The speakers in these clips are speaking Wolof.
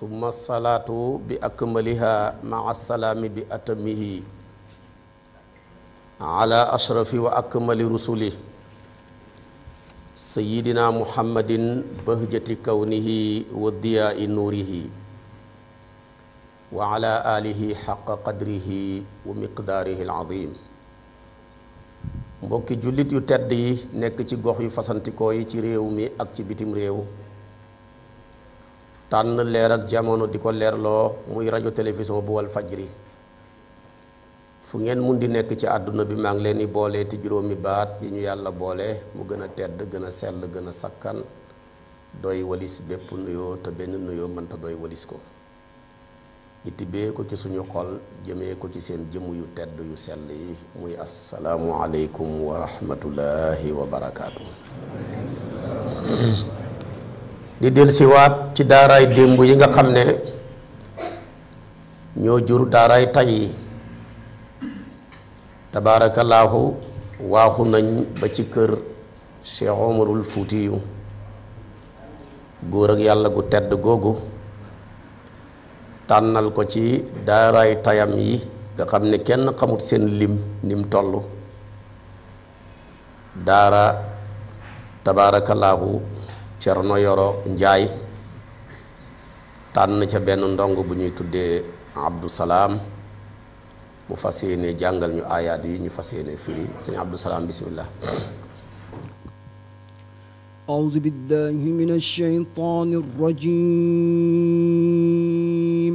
summa salaatu bi akmaliha maa salaami bi atamihi ala ashrafi wa akmali rusuli sayidina muhammadin bahjati kawnihi wa diyaai nuurihi wa ala alihi xaqa qadrihi wa miqdaarihi alazim mbokki jullit yu tedd yi nekk ci gox yu fasantikoo yi ci réew mi ak ci bitim réew tànn leer ak jamono di ko leerloo muy rajo télévision bu wal fajri fu ngeen mun di nekk ci àdduna bi maa ngi leen di boolee ti juróomi baat yi ñu yàlla boole mu gën a tedd gën a sell gën a sakkan doy walis bépp nuyoo te benn nuyoo mënta doy walis ko ñu tibbee ko ci suñu xol jëmee ko ci seen jëmm yu tedd yu sell yi muy asalaamualeykum wa rahmatullahi wa barakaatu. di dellusiwaat ci daaraay démb yi nga xam ne ñoo jur daaraay tay yi tabaarakallaahu waaxu nañ ba ci kër Cheikh Omarul Fuutiyu góor ak yàlla gu tedd googu tànnal ko ci daaraay tayam yi nga xam ne kenn xamut seen lim nim toll daara tabaarakallaahu Cerno Yoro Njaay tànn ca benn ndongo bu ñuy tuddee Abdou Salaam mu fas yéene jàngal ñu aayaat yi ñu fas yéene firi sëñ Abdou Salaam bismillah أعوذ بالله من الشيطان الرجيم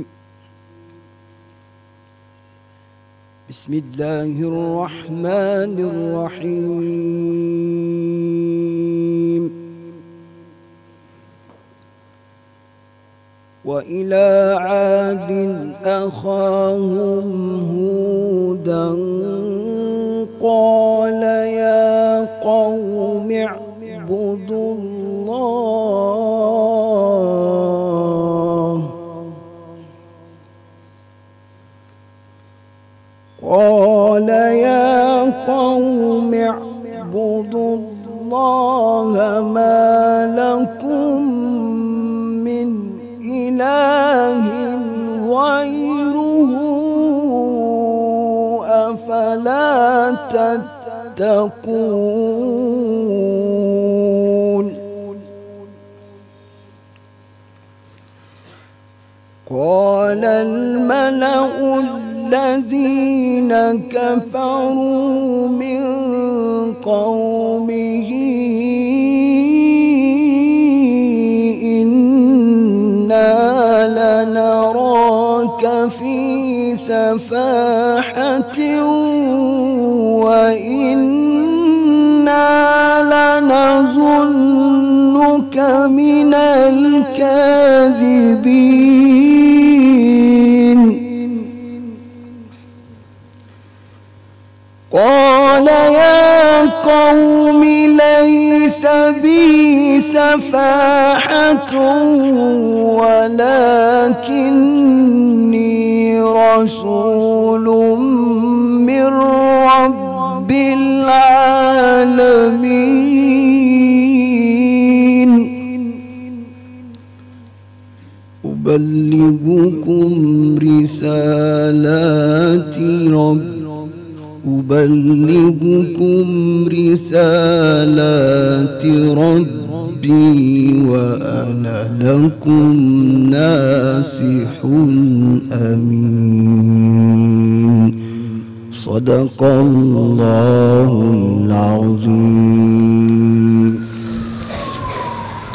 بسم الله الرحمن الرحيم وإلى عاد أخاهم هودا قال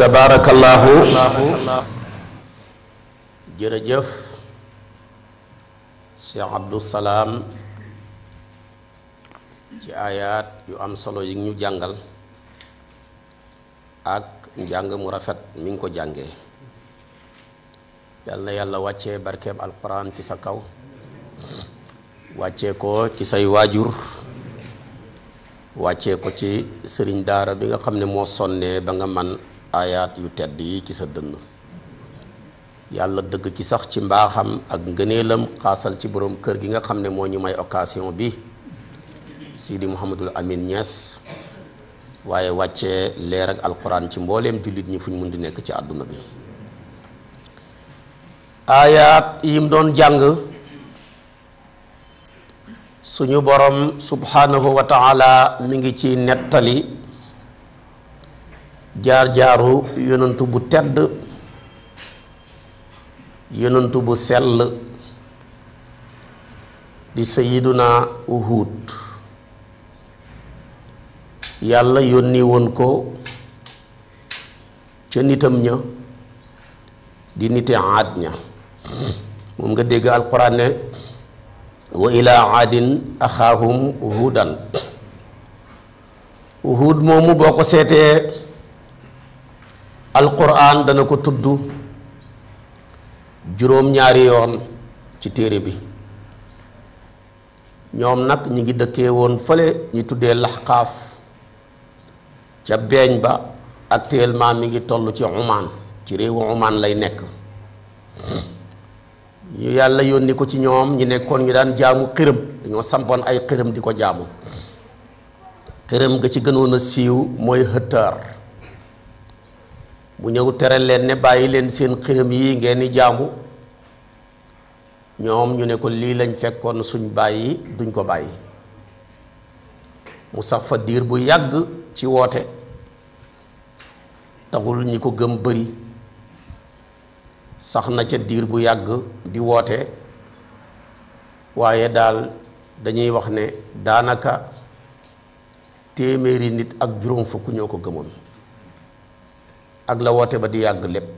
tabaarakallaahu jërëjëf Cheikh Abdou Salaam ci aayaat yu am solo yi ñu jàngal ak njàng mu rafet mi ngi ko jànge yal na yàlla wàccee barkeeb alquran ci sa kaw wàccee ko ci say waajur wàccee ko ci sëriñ daara bi nga xam ne moo sonnee ba nga man ayaat yu tedd yi ci sa dënn yàlla dëgg ci sax ci mbaaxam ak ngëneelam xaasal ci boroom kër gi nga xam ne moo ñu may occasion bi Sidi Mouhamadul Amin Niass waaye wàcce leer ak alquran ci mbooleem jullit ñi fu ñu mun di nekk ci àdduna bi aayaat yim doon jàng suñu boroom subhanahu wa taala ngi ci nettali jaar-jaaru yonantu bu tedd yonantu bu sell di sayiduna Uhud yàlla yónni ko ca nitam ña di nite aad ña moom nga dégg alquran ne wa ila aadin axaahum hudan Uhud moomu boo ko seetee alquran dana ko tudd juróom-ñaari yoon ci téere bi ñoom nag ñi ngi dëkkee woon fale ñu tuddee laxqaaf ca beeñ ba actuellement mi ngi toll ci Oman ci réew Oman lay nekk ñu yàlla yónni ko ci ñoom ñi nekkoon ñu daan jaamu xërëm dañoo sampoon ay xërëm di ko jaamu xërëm ga ci gënoon a siiw mooy hëttaar mu ñëw tere leen ne bàyyi leen seen xiram yi ngeen di jaamu ñoom ñu ne ko lii lañ fekkoon suñ bàyyi duñ ko bàyyi mu sax fa diir bu yàgg ci woote taxul ñi ko gëm bari sax na ca diir bu yàgg di woote waaye daal dañuy wax ne daanaka téeméeri nit ak juróom fukk ñoo ko gëmoon ak la woote ba di yàgg lépp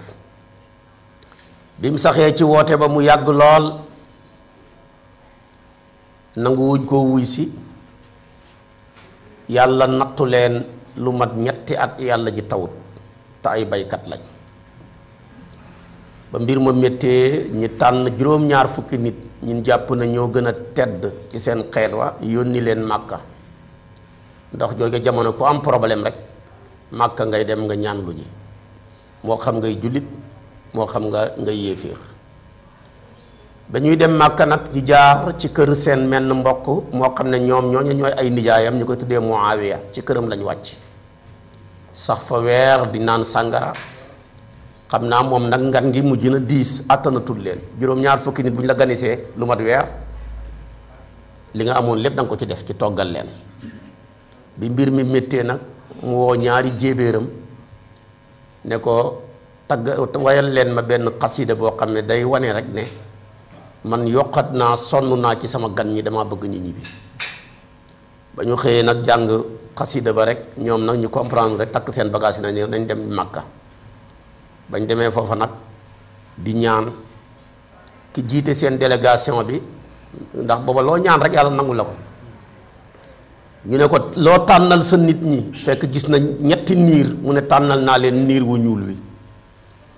bim saxee ci woote ba mu yàgg lool nangu wuñ koo wuy si yàlla nattu leen lu mat ñetti at yàlla ji tawut te ay baykat lañ ba mbir ma mettee ñi tànn juróom-ñaar fukki nit ñun jàpp na ñoo gën a tedd ci seen xeet wa yónni leen màkka ndax jooju jamono ku am problème rek màkka ngay dem nga ñaan lu moo xam ngay jullit moo xam nga ngay yéeféer dañuy dem màkka nag di jaar ci kër seen menn mbokk moo xam ne ñoom ñooñu ñooy ay nijaayam ñu ko tuddee Muawiya ci këram lañu wàcc sax fa weer di naan sàngara xam naa moom nag ngan gi mujj na diis àttanatul leen juróom-ñaar fukki nit bu ñu la ganisee lu mat weer li nga amoon lépp da ko ci def ci toggal leen bi mbir mi méttee nag mu ñaari jéebéeram ne ko tagg wayal leen ma benn xasida boo xam ne day wane rek ne man yokkat naa sonn naa ci sama gan ñi dama bëgg ñu ñibbi ba ñu xëyee nag jàng xasida ba rek ñoom nag ñu comprendre rek takk seen bagage na ne nañ dem Makka bañ demee foofa nag di ñaan ki jiite seen délégation bi ndax booba loo ñaan rek yàlla nangu la ko ñu ne ko loo tànnal sa nit ñi fekk gis na ñetti niir mu ne tànnal naa leen niir wu ñuul wi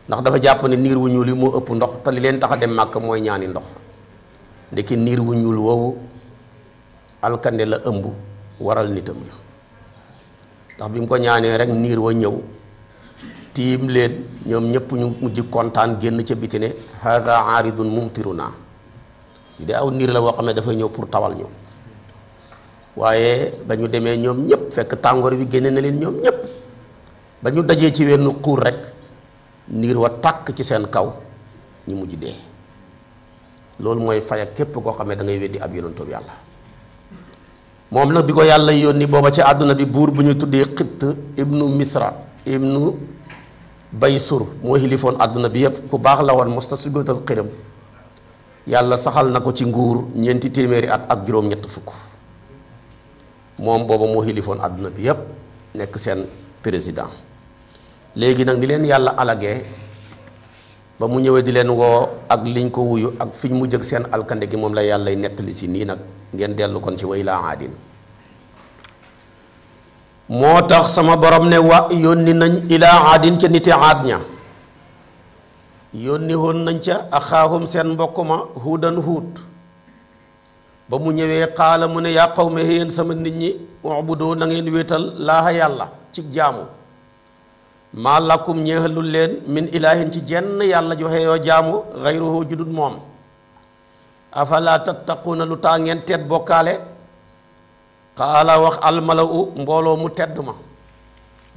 ndax dafa jàpp ne niir wu ñuul wi moo ëpp ndox te li leen tax a dem màkk mooy ñaani ndox ndekki niir wu ñuul woowu alkande la ëmb waral nitam ya ndax bi mu ko ñaanee rek niir wa ñëw tiim leen ñoom ñëpp ñu mujj kontaan génn ca biti ne haada aaridun mumtiruna di de aw niir la woo xam ne dafa ñëw pour tawal ñëw waaye ba ñu demee ñoom ñëpp fekk tàngoor bi génne na leen ñoom ñëpp ba ñu dajee ci wenn xuur rek niir wa tàkk ci seen kaw ñu mujj dee loolu mooy fay ak képp koo xam ne da weddi ab yonantoob yàlla moom nag bi ko yàlla yónni booba ci àdduna bi buur bu ñu tuddee xibt ibnu misra ibnu baysur moo xilifoon àdduna bi yépp ku baax la woon mos na sujootal xiram yàlla saxal na ko ci nguur ñeenti téeméeri at ak juróom-ñett fukk moom booba moo xilifoon àdduna bi yépp nekk seen président léegi nag ni leen yàlla alagee ba mu ñëwee di leen woo ak liñ ko wuyu ak fiñ mu jëg seen alkande gi moom la yàlla yàllay nettali si nii nag ngeen dellu kon ci way laa aadin moo tax sama borom ne wa yónni nañ ilaa aadin ca niti aad ña yónni woon nañ ca axaahum seen mbokk ma huudan huud ba mu ñëwee xaala mu ne yaa qawmi yéen sama nit ñi ubudoo na ngeen wéetal laaha yàlla ci jaamu maa lakum ñeexalul leen min ilaahin ci jenn yàlla joxe yoo jaamu xayruhu judut moom afala na lu taa ngeen teet bokkaale xaala wax almala u mbooloo mu tedd ma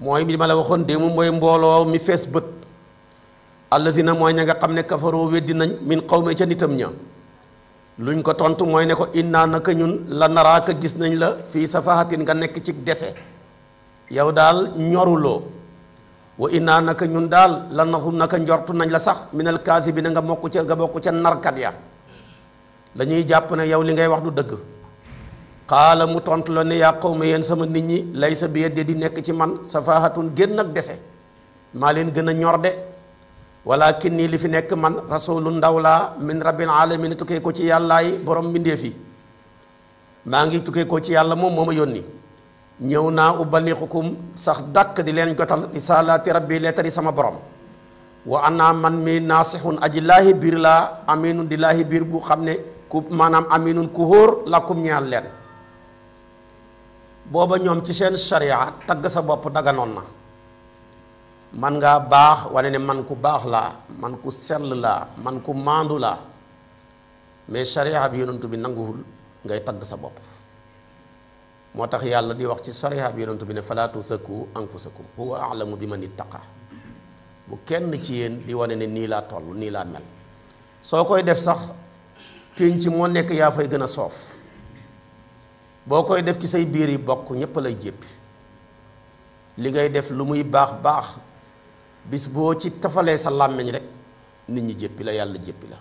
mooy bi ma la waxoon démb mooy mbooloo mi fees bët na mooy na nga xam ne kafaroo weddi nañ min qawmi ca nitam ña luñ ko tontu mooy ne ko innaa naka ñun la naraaka gis nañ la fii safahatin nga nekk ci dese yow daal ñoruloo wa innaa ñun daal la naxu naka njortu nañ la sax minal kaasi bi na nga mokk ca nga bokk ca narkat ya dañuy jàpp ne yow li ngay wax du dëgg xaala mu tontu la ne yaa qawma yéen sama nit ñi lay sa biyadde di nekk ci man safahatun génn ak dese maa leen gën a ñor de walakin nii li fi nekk man rasulu ndaw laa min rabbil alamin tukkee ko ci yàllaay borom mbindee fi maa ngi tukkee ko ci yàlla moom moo ma yónni ñëw naa ubalixukum sax dàkk di leen jotal risaalaati rabbi leetari sama borom wa ana man mi naasixun aji laahi biir laa aminun di laahi biir bu xam ne ku maanaam aminun ku hóor lakum ñaal leen booba ñoom ci seen sharia tagg sa bopp daganoon na man ngaa baax wane ne man ku baax laa man ku sell laa man ku maandu laa mais sariya bi yonent bi nanguwul ngay tagg sa bopp moo tax yàlla di wax ci sariya bi ne falaatu yonent bi ne falaa la mu huwa a'lamu biman ittaqa bu kenn ci yéen di wane ne nii laa toll nii laa mel soo koy def sax ci moo nekk yaa fay gën a soof boo koy def ci say biir yi bokk ñépp lay jéppi li ngay def lu muy baax baax bis boo ci tafalee sa làmmiñ rek nit ñi jéppi la yàlla jéppi la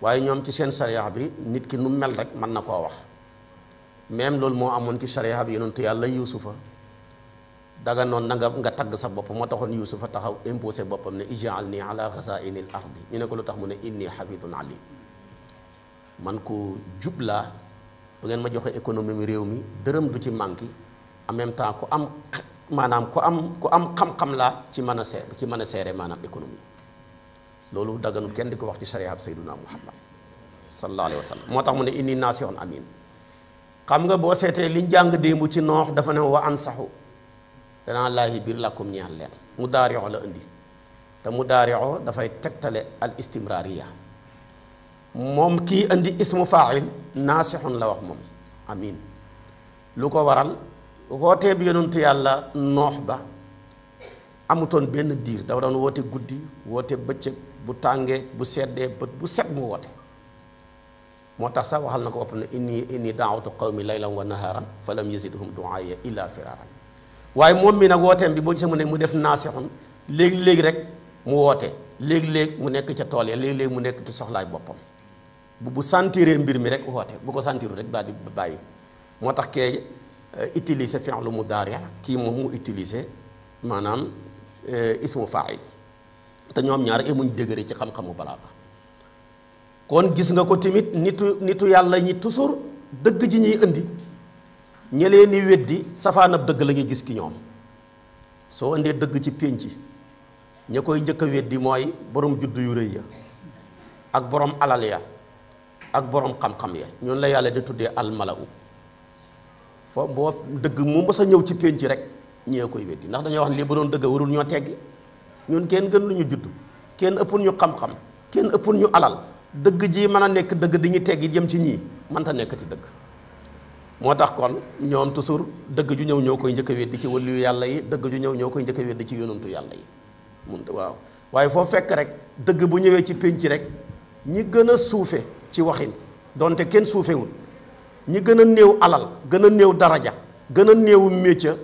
waaye ñoom ci seen sariya bi nit ki nu mel rek mën na koo wax même loolu moo amoon ci sariya bi yonentu yàlla yuusufa daga noon na nga nga tagg sa bopp moo taxoon yuusufa taxaw imposé boppam ne ijaal nii ala xasaini l ardi ñu ne ko lu tax mu ne inni xafidun alim man ko jublaa bu ngeen ma joxe économie mi réew mi dërëm du ci manqué en même temps ku am maanaam ku am ku am xam-xam la ci mën a see ci mën a seere maanaam économie loolu daganul kenn di ko wax ci sariya ab sayyiduna muhammad sallallahu alayhi moo tax mu ne inni naasihun amin xam nga boo seetee li liñ jàng mu ci noox dafa ne wa ansaxu danaa laahi biir làkkum ñeel leen mu daario la indi te mu daario dafay tegtale al istimraariya moom kii indi ismu fail naasixun la wax moom amin lu ko waral wootee bi yonentu yàlla noox ba amutoon benn diir dafa doon woote guddi woote bëccëg bu tàngee bu seddee bët bu set mu woote moo tax sax waxal na ko bopp ne inni inni daawatu qawmi laylan wa naharan fa lam yazidhum duaaya illa firaran waaye moom mi nag wooteem bi boo gisee mu ne mu def naasixun léegi-léegi rek mu woote léeg léeg mu nekk ca tool ya léegi-léegi mu nekk ci soxlaay boppam bu bu sentiree mbir mi rek woote bu ko sentirul rek daal di bàyyi moo utilise euh, utiliser fi'lu mudaari kii moom mu utilise maanaam euh, ismu fa'il te ñoom ñaar emuñ dëgëre ci xam-xamu balaaga kon gis nga ko tamit nitu nitu yàlla ñi toujours dëgg ji ñuy indi ñi di weddi safaanab dëgg lañuy gis ki ñoom soo indee dëgg ci pénc ña koy njëkk a weddi mooy boroom juddu yu rëy ya ak boroom alal ya ak borom xam-xam ya ñun la yàlla di tuddee almalawu foo boo dëgg mu mës a ñëw ci pénc rek ñee koy weddi ndax dañoo wax ne lii bu doon dëgg warul ñoo teggi ñun kenn gën lu ñu kenn ëppul ñu xam-xam kenn ëppul ñu alal dëgg jii mën a nekk dëgg di ñu teggi jëm ci ñii mënta nekkati dëgg moo tax kon ñoom toujours dëgg ju ñëw ñoo koy njëkk a weddi ci waliyu yàlla yi dëgg ju ñëw ñoo koy njëkk a weddi ci yonantu yàlla yi mun waaw waaye foo fekk rek dëgg bu ñëwee ci pénc rek ñi gën a suufe ci waxin donte kenn suufewul ñi gën a néew alal gën a néew daraja gën a néewu métier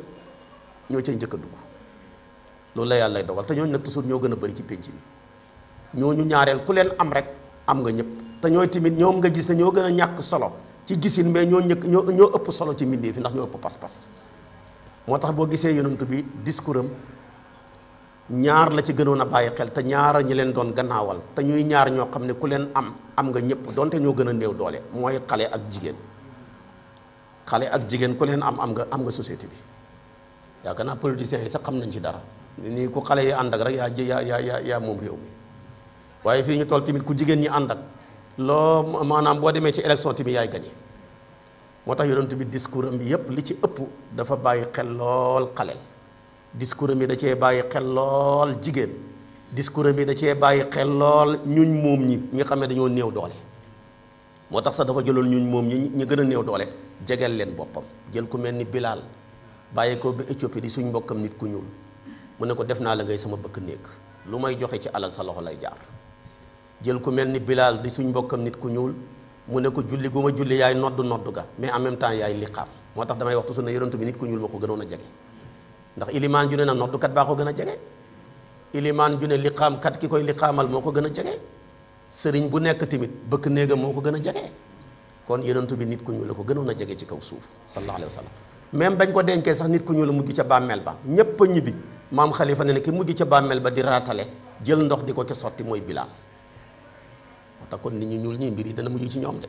ñoo ca njëkk a dugg loolu la yàlla lay dogal te ñooñu nag toujours ñoo gën a bëri ci pénc mi ñooñu ñaareel ku leen am rek am nga ñëpp te ñooy tamit nga gis ne ñoo gën a ñàkk solo ci gisin mais ñoo ñëkk ñoo ñoo ëpp solo ci mbindee fi ndax ñoo ëpp pas-pas moo tax boo gisee yonent bi diskuram ñaar la ci gënoon a bàyyi xel te ñaara ñi leen doon gannaawal te ñuy ñaar ñoo xam ne ku leen am am nga ñëpp donte ñoo gën a néew doole mooy xale ak jigéen xale ak jigéen ku leen am am nga am nga société bi yaakaar naa politiciens yi sax xam nañ ci dara nii ku xale yi ànd ak rek yaa yaa yaa yaa yaa moom réew mi waaye fii ñu toll tamit ku jigéen ñi ànd ak loo maanaam boo demee ci élection tamit yaay gañe moo tax yonent bi discours am bi yépp li ci ëpp dafa bàyyi xel lool xaleel discours bi da cee bàyyi xel lool jigéen discours am bi da cee bàyyi xel lool ñuñ moom ñi ñi nga xam ne dañoo néew doole moo tax sa dafa jëloon ñun moom ñi ñu gën a néew doole jegeel leen boppam jël ku mel ni Bilal bàyyi ko ba Éthiopie di suñ mbokkam nit ku ñuul mu ne ko def naa la ngay sama bëkk néeg lu may joxe ci alal sa loxo lay jaar jël ku mel ni Bilal di suñ mbokkam nit ku ñuul mu ne ko julli gu ma julli yaay noddu noddu ga mais en même temps yaay liqaam moo tax damay waxtu su ne yonent bi nit ku ñuul ma ko gënoon a jege ndax ilimaan ju ne na noddukat baa ko gën a jege ilimaan ju ne liqaamkat ki koy liqaamal moo ko gën a jege sëriñ bu nekk tamit bëkk néegam moo ko gën a jege kon yonentu bi nit ku ñuul la ko gënoon a jege ci kaw suuf sallallahu alayhi wa sallam même bañ ko denkee sax nit ku ñuul la mujj ca bàmmeel ba ñépp a ñibbi maam xalifa ne ne ki mujj ca bàmmeel ba di raatale jël ndox di ko ca sotti mooy bilaal moo tax kon nit ñu ñuul ñuy mbir yi dana mujj ci ñoom de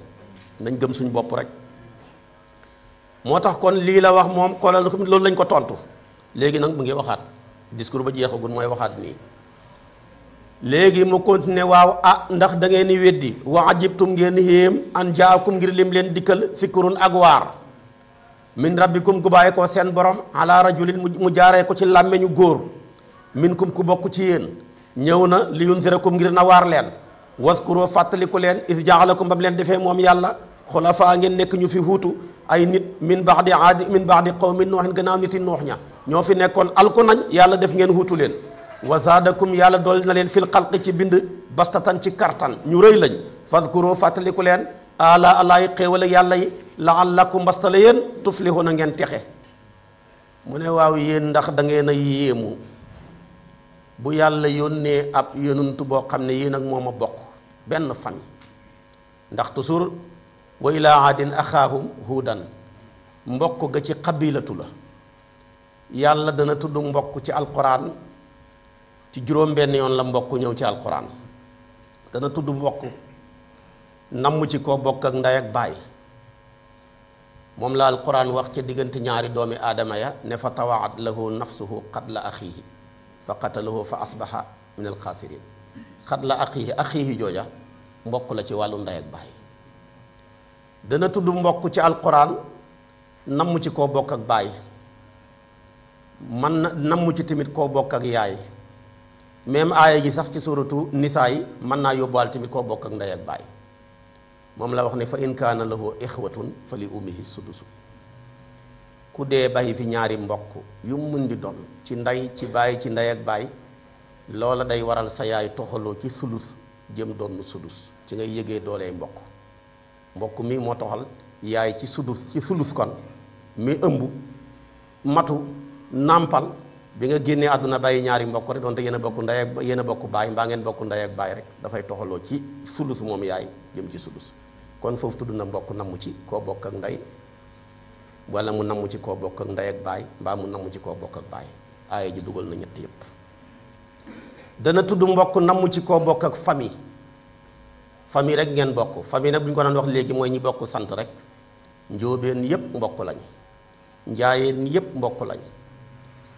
nañ gëm suñu bopp rek moo tax kon lii la wax moom xoolal loolu lañ ko tontu léegi nag mu ngi waxaat discours ba jeexagul mooy waxaat nii léegi mu continuer waaw ah ndax da ngeen di weddi wa ajibtum ngeen xéem an jaakum ngir lim leen dikkal fikrun ak waar min rabbikum ku bàyyi ko seen borom ala rajulin mu mu jaaree ko ci làmmeñu góor min minkum ku bokk ci yéen ñëw na li yunzirakum ngir na waar leen waskuro fàttaliku leen is jaxalakum bam leen defee moom yàlla xulafaa ngeen nekk ñu fi huutu ay nit min ba'di aadi min ba'di qawmin nuuhin gannaaw niti nuux ña ñoo fi nekkoon alku nañ yàlla def ngeen huutu leen wa zaadakum yàlla dool na leen fil xalqi ci bind bastatan ci kartan ñu rëy lañ fadkuru fàttaliku leen ala alaayi xéewale yàlla yi laallakum mbastale yéen tuflihuna ngeen texe mu ne waaw yéen ndax dangeen ngeen a yéemu bu yàlla yónnee ab yonuntu boo xam ne yéen ak moom a bokk benn famille ndax toujours wa ilaa aadin axaahum huudan mbokk ga ci xabilatu la yàlla dana tudd mbokk ci alquran ci juróom-benn yoon la mbokk ñëw ci alquran dana tudd mbokk namm ci koo bokk ak ndey ak baay moom la alquran wax ca diggante ñaari doomi aadama ya ne fa tawaat lahu nafsuhu qatla axiihi fa qatalahu fa asbaha min alxaasirin qatla axiihi jooja mbokk la ci wàllu ndey ak baay dana tudd mbokk ci alquran namm ci koo bokk ak baay man namm ci tamit koo bokk ak yaay même aaya ji sax ci suuratu nisaa yi mën naa yóbbuwaal tamit koo bokk ak ndey ak baay moom la wax ni fa in kaana lahu ixwatun fa li ummihi ku dee bàyyi fi ñaari mbokk yu mun di doon ci ndey ci bàyyi ci ndey ak baay loola day waral sa yaay toxaloo ci sulus jëm doon sudus ci ngay yëgee doolee mbokk mbokk mi moo toxal yaay ci sudus ci sulus kon mi ëmb matu nàmpal bi nga génnee àdduna bàyyi ñaari mbokk rek donte yéen bokk ndey ak yéen bokk baay mbaa ngeen bokk ndey ak baay rek dafay toxaloo ci sulus moom yaay jëm ci sulus kon foofu tudd na mbokk namm ci koo bokk ak ndey wala mu ci koo bokk ak ndey baay mbaa mu namm ci koo bokk ak baay aaya ji dugal na ñett yépp dana tudd mbokk namm ci koo bokk ak famille famille rek ngeen bokk famille nag bu ñu ko daan wax léegi mooy ñi bokk sant rek njóobeen yépp mbokk lañ njaayeen yépp mbokk lañ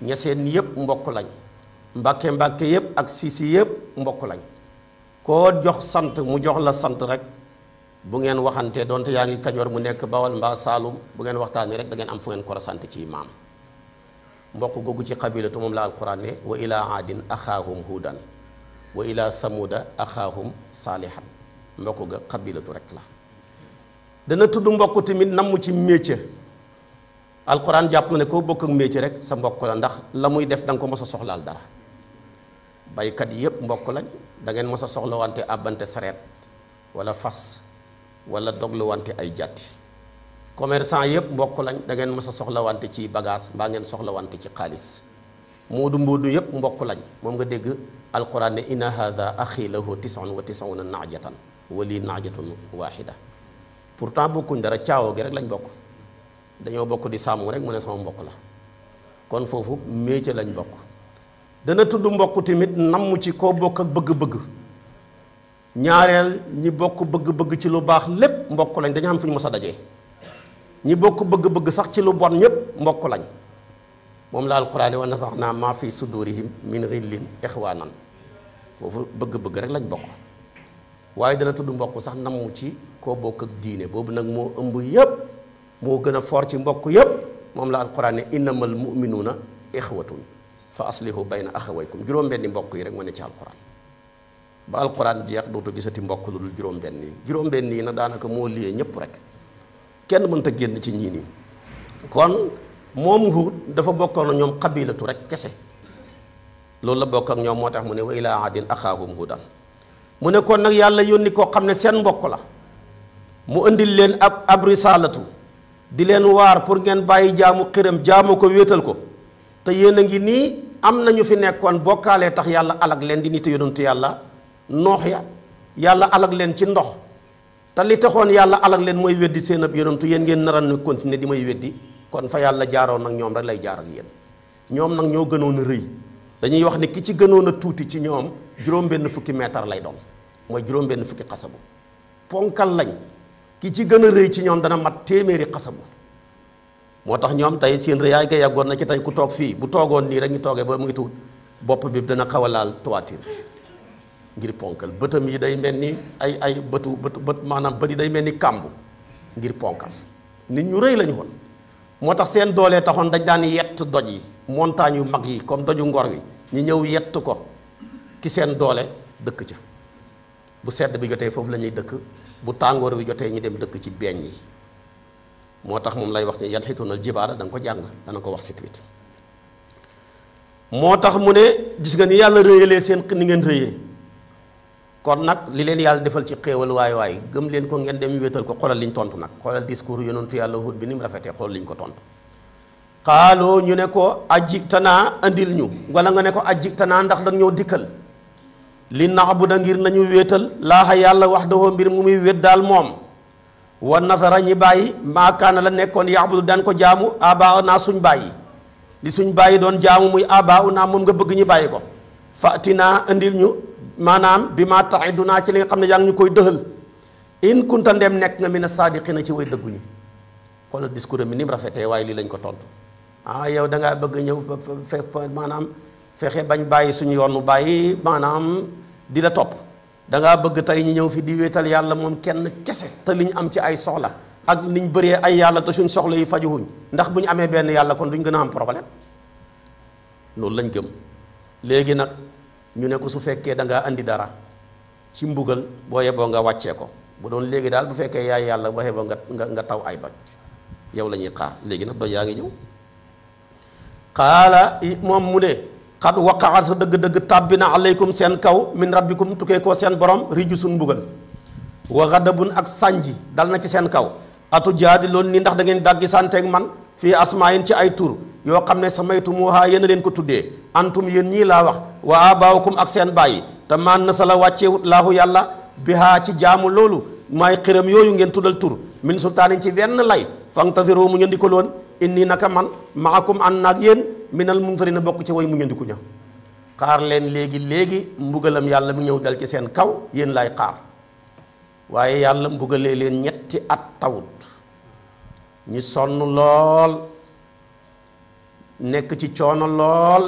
ñeseen yépp mbokk lañ mbàkke mbàkke yépp ak siisi yépp mbokk lañ koo jox sant mu jox la sant rek bu ngeen waxantee donte yaa ngi kajoor mu nekk bawal mbaa saalum bu ngeen waxtaanee rek da ngeen am fu ngeen ko sant ci maam mbokk googu ci xabilatu moom la alquran ne wa ila aadin axaahum hudan wa ila samuda axaahum saalihan mbokk ga xabilatu rek la dana tudd mbokk tamit namm ci métier alquran jàpp na ne koo bokk ak rek sa mbokk la ndax la muy def danga ko mos a soxlaal dara baykat yépp mbokk lañ da ngeen mos a soxlawante àbbante sareet wala fas wala dogluwante ay jàtti commerçant yépp mbokk lañ da ngeen mos a soxlawante ci bagage mbaa ngeen soxlawante ci xaalis moodu mboodu yépp mbokk lañ moom nga dégg alquran ne inna haada axi lahu tisun wa tisuna naajatan wali naajatun waahida pourtant bokkuñ dara caawoo gi rek lañ bokk dañoo bokk di sàmm rek mu ne sama mbokk la kon foofu métier lañ bokk dana tudd mbokk tamit namm ci koo bokk ak bëgg-bëgg ñaareel ñi bokk bëgg-bëgg ci lu baax lépp mbokk lañ dañu xam fu ñu a dajee ñi bokk bëgg-bëgg sax ci lu bon ñépp mbokk lañ moom la alquran wa nasaxnaa maa fi sudurihim min xillin ixwaanan foofu bëgg-bëgg rek lañ bokk waaye dana tudd mbokk sax namm ci koo bokk ak diine boobu nag moo ëmb yépp moo gën a foor ci mbokk yépp moom la alquran ne innamal muminuuna ixwatun fa aslihu bayna axawaykum juróom-benni mbokk yi rek moo ne ci alquran ba alquran jeex dootu gisati mbokk lu dul juróom-benn yi juróom-benn yi nag daanaka moo liyee ñëpp rek kenn mënta génn ci ñii nii kon moom Huud dafa bokkoon la ñoom xabilatu rek kese loolu la bokk ak ñoom moo tax mu ne wa ilaa aadin axaahum huudan mu ne kon nag yàlla yónni koo xam ne seen mbokk la mu indil leen ab ab di leen waar pour ngeen bàyyi jaamu xiram jaamo ko wéetal ko te yéen a ngi nii am nañu fi nekkoon bokkaalee tax yàlla alag leen di nit yonantu yàlla noox ya yàlla alag leen ci ndox te li taxoon yàlla alag leen mooy weddi seen ab yonantu yéen ngeen naran ne continuer di may weddi kon fa yàlla jaaroon nag ñoom rek lay jaar ak yéen ñoom nag ñoo gënoon a rëy dañuy wax ni ki ci gënoon a tuuti ci ñoom juróom benn fukki meetar lay doon mooy juróom benn fukki xasabu ponkal lañ ki ci gën a rëy ci ñoom dana mat téeméeri xasam moo tax ñoom tey seen rëyaay ga yàggoon na ci tey ku toog fii bu toogoon nii rek ñu toogee ba muy tuut bopp bi dana xaw a laal toiture bi ngir ponkal bëtam yi day mel ni ay ay bëtu bët maanaam bët yi day mel ni kàmbu ngir ponkal nit ñu rëy lañu woon moo tax seen doolee taxoon dañ daan yett doj yi montagne yu mag yi comme doju ngor wi ñu ñëw yett ko ki seen doole dëkk ca bu sedd bi jotee foofu la ñuy dëkk bu tàngoor bi jotee ñu dem dëkk ci beeñ yi moo tax moom lay wax ne yan xitunal jibaala da nga ko jàng dana ko wax situit moo tax mu ne gis nga yàlla rëyalee seen ni ngeen rëyee kon nag li leen yàlla defal ci xéewal waaye waaye gëm leen ko ngeen dem wéetal ko xoolal liñ tontu nag xoolal discours yonentu yàlla hut bi ni mu rafetee xool liñ ko tontu xaaloo ñu ne ko ajjik tanaa andil ñu wala nga ne ko ajjik tanaa ndax danga ñëw dikkal li da ngir nañu wéetal laaxa yàlla wax dawoo mbir mu muy wét daal moom wa nasara ñi bàyyi maakaana la nekkoon yax yaxbudu daan ko jaamu abaa naa suñ bàyyi li suñ bàyyi doon jaamu muy abaa naa moom nga bëgg ñu bàyyi ko fàtti naa indi ñu maanaam bi maa du naa ci li nga xam ne yaa ngi ñu koy dëxal in kunta nekk nga mi ne na ci way dëggu ñi xoolal discours mi ni mu rafetee waaye lii lañ ko tontu ah, maanaam fexe bañ bàyyi suñu yoon mu bàyyi maanaam di la topp da ngaa bëgg tey ñu ñëw fi di wéetal yàlla moom kenn kese te liñ am ci ay soxla ak niñ bëree ay yàlla te suñ soxla yi fajuwuñ ndax bu ñu amee benn yàlla kon duñ gën a am problème loolu lañ gëm léegi nag ñu ne ko su fekkee da ngaa andi dara ci mbugal boo yeboo nga wàccee ko bu doon léegi daal bu fekkee yaay yàlla boo yeboo nga nga taw ay doj yow la ñuy xaar léegi nag doj yaa ngi ñëw xaala moom mu xad waqaa sa dëgg-dëgg tàbbi na aleykum seen kaw min rabbikum tukkee koo seen borom riju suñ mbugal wa xadabun ak sànji dal na ci seen kaw atu jaadi loolu nii ndax da ngeen dàggi santeeg man fii asmaayin ci ay tur yoo xam ne samaytumuha yéen a leen ko tuddee antum yéen ñii laa wax waa abaawukum ak seen bàyyi te maan na sa la wàcceewut laahu yàlla bihaa ci jaamu loolu mooy xiram yooyu ngeen tuddal tur min sultaanin ci benn lay fantasiru mu ngeen di ko loon inni naka man maakum ànd naag yéen minal munzarina bokk ci way mu ñëndiku ña xaar leen léegi léegi mbugalam yàlla mu ñëw dal ci seen kaw yéen lay xaar waaye yàlla mbugalee leen ñetti at tawut ñi sonn lool nekk ci coono lool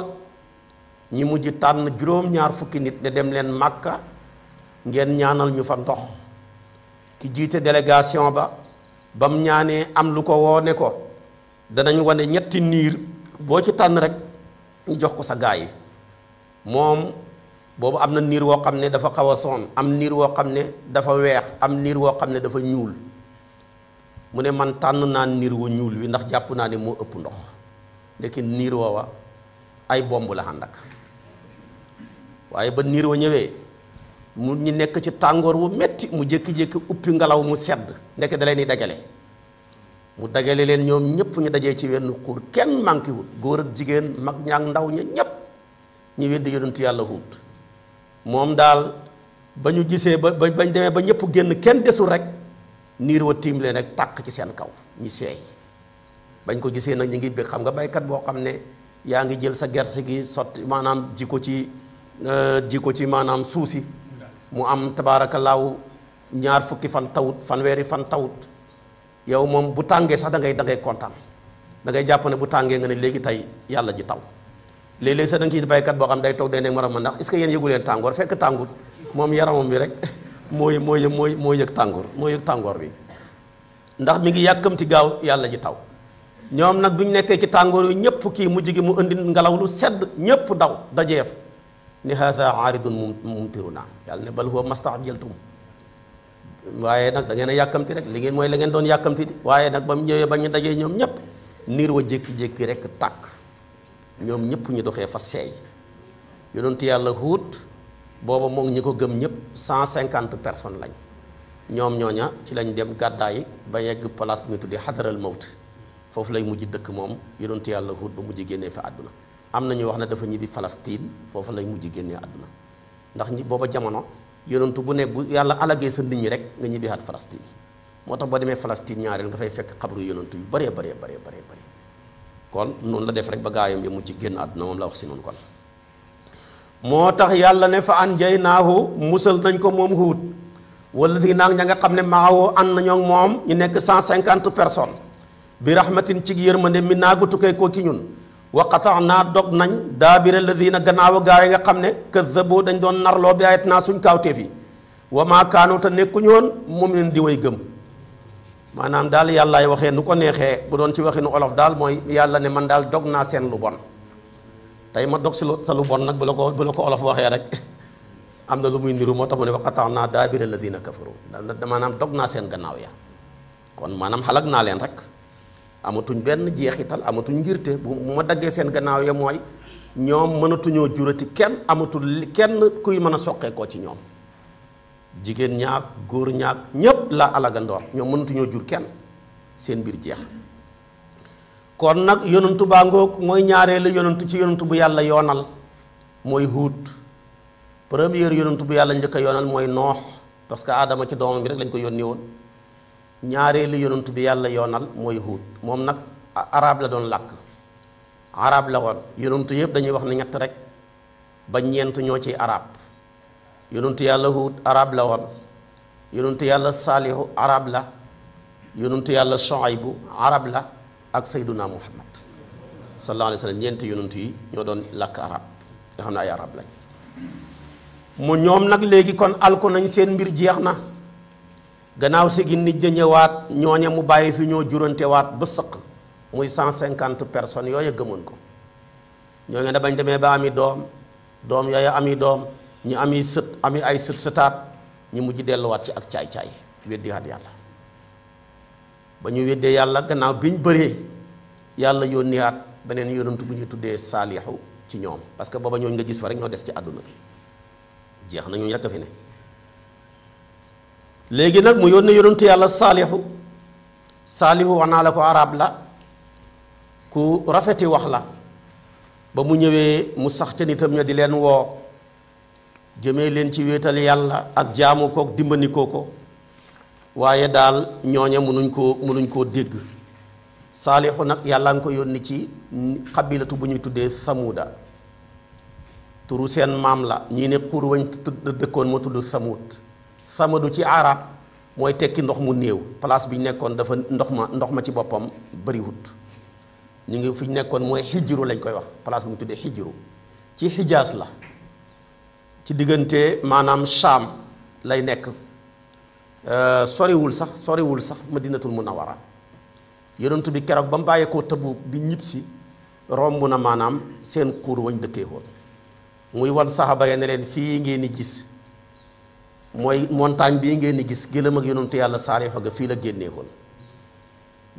ñi mujj tànn juróom-ñaar fukki nit ne dem leen màkka ngeen ñaanal ñu fa ndox ki jiite délégation ba bam ñaanee am lu ko woone ko danañ wane ñetti niir boo ci tànn rek ñu jox ko sa gaa yi moom boobu am na niir woo xam ne dafa xaw a son am niir woo xam ne dafa weex am niir woo xam ne dafa ñuul mu ne man tànn naa niir wu ñuul wi ndax jàpp naa ne moo ëpp ndox ndekki niir woowa ay bomb la ànd waaye ba niir wa ñëwee mu ñu nekk ci tàngoor wu metti mu jékki-jékki uppi ngelaw mu sedd ndekki da leen di dajale mu dajale leen ñoom ñëpp ñu dajee ci wenn xuur kenn manqué wut góor ak jigéen mag ñaak ndaw ña ñëpp ñu weddi yonentu yàlla Huud moom daal ba ñu gisee ba ba bañ demee ba ñëpp génn kenn desul rek niir wa tiim leen rek tàkk ci seen kaw ñu seey bañ ko gisee nag ñu ngi bëgg xam nga baykat boo xam ne yaa ngi jël sa gerte gi sotti maanaam ji ko ci euh, ji ko ci maanaam suusi mu am laaw ñaar fukki fan tawut fanweeri fan tawut yow moom bu tàngee sax dangay dangay da ngay kontaan da ngay jàpp ne bu tàngee nga ne léegi tey yàlla ji taw léeg sax da nga ciy baykat boo xam day toog day nekk ma ma ndax est-ce que yéen yëgu leen tàngoor fekk tàngut moom yaramam bi rek mooy mooy mooy mooy yëg tàngoor mooy tàngoor bi ndax mi ngi yàkkamti gaaw yàlla ji taw ñoom nag bu nekkee ci tàngoor yu ñëpp kii mu gi mu indi ngelaw lu sedd ñëpp daw dajeef ni haatha aaridun mumtiruna yàlla ne bal huwa mastajaltum waaye nag dangeen a yàkkamti rek li ngeen mooy la ngeen doon yàkkamti waaye nag ba mu ñëwee ba ñu dajee ñoom ñëpp niir wa jékki-jékki rek tàkk ñoom ñëpp ñu doxee fa seey yonent yàlla huut booba moom ñu ko gëm ñëpp cent cinquante personnes lañ ñoom ñooña ci lañ dem gàddaay ba yegg place bu ñu tuddee xadaral mawt foofu lay mujj dëkk moom yonent yàlla huut ba mujj génnee fa àdduna am na ñu wax ne dafa ñibbi Palestine foofu lay mujj génnee àdduna ndax ñi booba jamono yonentu bu ne bu yàlla alagee sa nit ñi rek nga ñibbiwaat Palestine moo tax boo demee Palestine ñaareel nga fay fekk xabru yonentu yu bare bëree bëree bëree bëri kon noonu la def rek ba gaayam yi mu ci génn àdduna moom la wax si noonu moo tax yàlla ne fa an jay naahu musal nañ ko moom huut wala di naa ña nga xam ne maawoo ànd nañoo ak moom ñu nekk cent cinquante personne bi rahmatin ci yërmande mi naagu tukkee ko ci ñun wa naa dog nañ daabira lazina gannaaw gaa yi nga xam ne kazzabu dañ doon narloo bi ayat naa suñ kaawteef yi wa maa kaanu te nekkuñu woon mumin di way gëm maanaam daal yàllaay waxee nu ko neexee bu doon ci waxinu olof daal mooy yàlla ne man daal dog naa seen lu bon tey ma dog si lu bon nag bu la ko bu ko olof waxee rek am na lu muy niru moo tax mu ne wa qataanaa daabira lazina kafaru maanaam dog naa seen gannaaw ya kon maanaam xalag naa leen rek amatuñ benn jeex jeexital amatuñ ngirte bu ma daggee seen gannaaw ya mooy ñoom mënatuñoo jurati kenn amatul kenn kuy mën a soqee ci ñoom jigéen ñaag góor ñaag ñépp laa alagandoor ñoom mënatuñoo jur kenn seen mbir jeex kon nag yonantu baa ngoog mooy la yonantu ci yonantu bu yàlla yoonal mooy huut première yonantu bu yàlla njëkk a yoonal mooy noox parce que aadama ci doomam yi rek lañ ko yónnee woon ñaareelu yonent bi yàlla yoonal mooy Huud moom nag arab la doon làkk arab la woon yonent yëpp dañuy wax ne ñett rek ba ñeent ñoo ci arab yonent yàlla Huud arab la woon yonent yàlla Saalihu arab la yonent yàlla Shuaybu arab la ak sayduna Muhammad sallallahu alayhi wa yi ñoo doon làkk arab nga xam ne ay arab mu ñoom nag léegi kon alko nañ seen mbir jeex na gannaaw si gi nit ja ñëwaat ñooñe mu bàyyi fi ñoo jurante waat ba sëq muy cent cinquante personnes yooyu gëmoon ko ñoo ngeen da bañ demee ba ami doom doom yooyu ami doom ñi ami sët ami ay sët sëtaat ñi mujj delluwaat ci ak caay-caay weddi yàlla ba ñu weddee yàlla gannaaw biñ bëree yàlla yónniwaat beneen yonantu bu ñuy tuddee saalixu ci ñoom parce que booba ñooñ nga gis fa rek ñoo des ci àdduna bi jeex na ñooñu rek a fi ne léegi nag mu yónne yonentu yàlla saalihu saalihu wax naa la ko arab la ku rafeti wax la ba mu ñëwee mu sax ca nitam ña di leen woo jëme leen ci wéetal yàlla ak jaamu kook dimbandikoo ko waaye daal ñooña munuñ koo munuñ koo dégg saalixu nag yàlla nga ko yónni ci xabilatu bu ñuy tuddee samuda turu seen maam la ñii ne xur wañ dëkkoon ma tudd samud saa du ci arab mooy tekki ndox mu néew place bi ñu nekkoon dafa ndox ma ndox ma ci boppam bariwut ñu ngi fi ñu nekkoon mooy xijru lañ koy wax place bu ñu tuddee xijru ci xijaas la ci diggante maanaam Shaam lay nekk euh, soriwul sax soriwul sax ma dinatul a munawara yonentu bi keroog ba mu bàyyeekoo Tabuk bi ñib si romb na maanaam seen xuur wañ dëkkee woon muy wan saxaba ya ne leen fii ngeen di gis mooy montagne bii ngeen di gis gëlëm ak yonentu yàlla saalih ga fii la génneekoon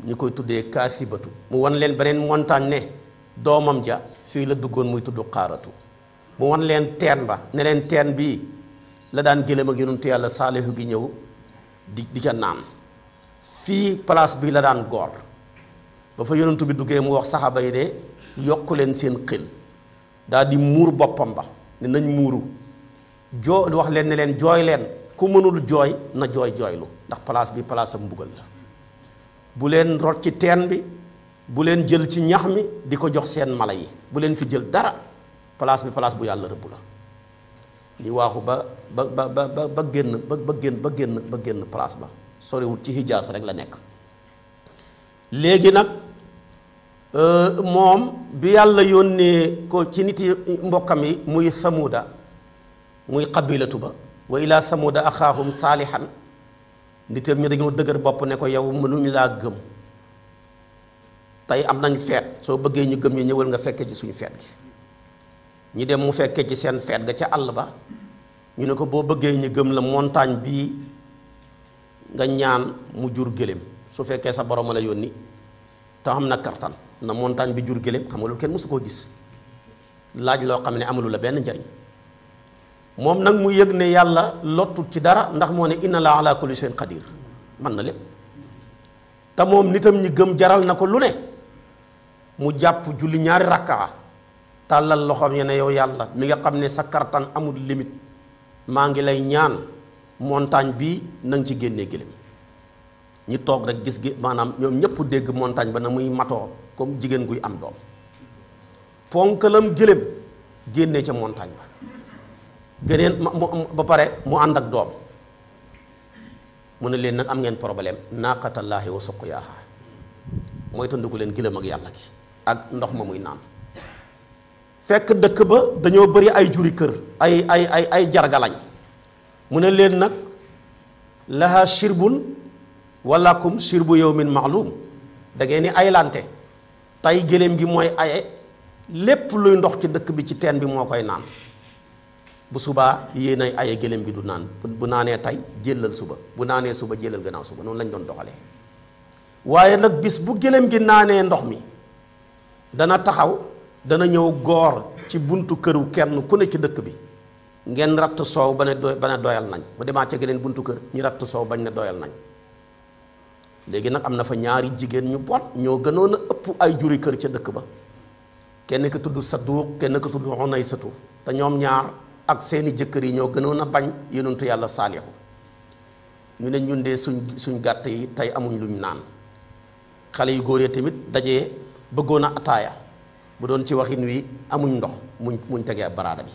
ñu koy tuddee kaasibatu mu wan leen beneen montagne ne doomam ja fii la duggoon muy tudd xaaratu mu wan leen teen ba ne leen teen bii la daan gëlëm ak yonentu yàlla saalih gi ñëw di di ca naan fii place bii la daan goor ba fa yonentu bi duggee mu wax saxaaba yi de yokk leen seen xil daal di muur boppam ba ne nañ muuru joo wax leen ne leen jooy leen ku mënul jooy na jooy jooylu ndax place bi place am mbugal la bu leen rot ci teen bi bu leen jël ci ñax mi di ko jox seen mala yi bu leen fi jël dara place bi place bu yàlla rëbb la li waaxu ba ba ba ba ba génn ba ba génn ba génn ba génn place ba soriwul ci hijaas rek la nekk léegi nag euh, moom bi yàlla yónnee ko ci nit yi mbokkam yi muy samuda muy xabilatu ba wa ila samuda axaahum saalihan nitam ñi dañoo dëgër bopp ne ko yow mënuñu laa gëm tey am nañ feet soo bëggee ñu gëm ñu ñëwal nga fekke ci suñu feet gi ñu dem mu fekke ci seen feet ga ca àll ba ñu ne ko boo bëggee ñu gëm la montagne bi nga ñaan mu jur gëléem su fekkee sa borom la yónni te am na kartan na montagne bi jur gëléem xam nga kenn mësu koo gis laaj loo xam ne amalu la benn njariñ moom nag mu yëg ne yàlla lottut ci dara ndax moo ne inna laa ala kulli shay'in qadir man na lépp te moom nitam ñi gëm jaral na ko lu ne mu jàpp julli ñaari rakkaa tàllal loxoom ya ne yow yàlla mi nga xam ne sa kartan amul limit maa ngi lay ñaan montagne bi na ci génnee gëlëm ñu toog rek gis gi maanaam ñoom ñëpp dégg montagne ba na muy matoo comme jigéen guy am doom ponkalam gëlëm génne ca montagne ba gëneen mu ba pare mu ànd ak doom mu ne leen nag am ngeen problème naaqatallaahi wa suqyaaha mooy tëndiku leen gëlëm ak yàlla gi ak ndox ma muy naan fekk dëkk ba dañoo bëri ay juri kër ay ay ay ay jargalañ mu ne leen nag laha shirbun walakum shirbu yawmin maalum da ngeen ni aylante tey gëléem gi mooy aye lépp luy ndox ci dëkk bi ci teen bi moo koy naan bu subaa yéen ay aye gëléem bi du naan bu naanee tey jëlal suba bu naanee suba jëlal gannaaw suba noonu lañ doon doxalee waaye nag bis bu gëléem gi naanee ndox mi dana taxaw dana ñëw goor ci buntu këru kenn ku nekk ci dëkk bi ngeen ratt soow ba ne doy ba doyal nañ bu demaat ca geneen buntu kër ñi ratt soow bañ ne doyal nañ léegi nag am na fa ñaari jigéen ñu boot ñoo gënoon a ëpp ay juri kër ca dëkk ba kenn ki tudd Saduq kenn ki tudd Unaysatu te ñoom ñaar ak seeni jëkkër yi ñoo gënoon a bañ yonentu yàlla saalihu ñu ne ñun de suñ suñ gàtt yi tey amuñ luñ naan xale yu góor tamit dajee bëggoon a ataaya bu doon ci waxin wi amuñ ndox muñ muñ tegee ab baraada bi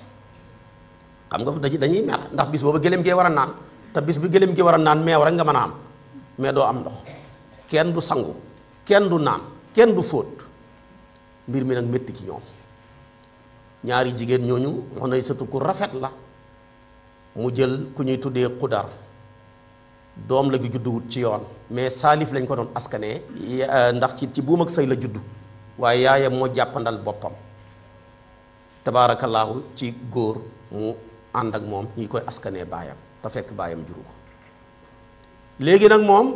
xam nga dañuy mer ndax bis boobu gëléem gee war a naan te bis bi gëléem gi war a naan meew rek nga mën a am mais doo am ndox kenn du sangu kenn du naan kenn du fóot mbir mi nag métti ci ñoom ñaari jigéen ñooñu Unaysatu ku rafet la mu jël ku ñuy tuddee Qudar doom la ju judduwut ci yoon mais saalif lañ ko doon askanee ndax ci ci buum ak sëy la juddu waaye yaayam moo jàppandal boppam tabaarakallaahu ci góor mu ànd ak moom ñu koy askanee baayam te fekk baayam juru ko léegi nag moom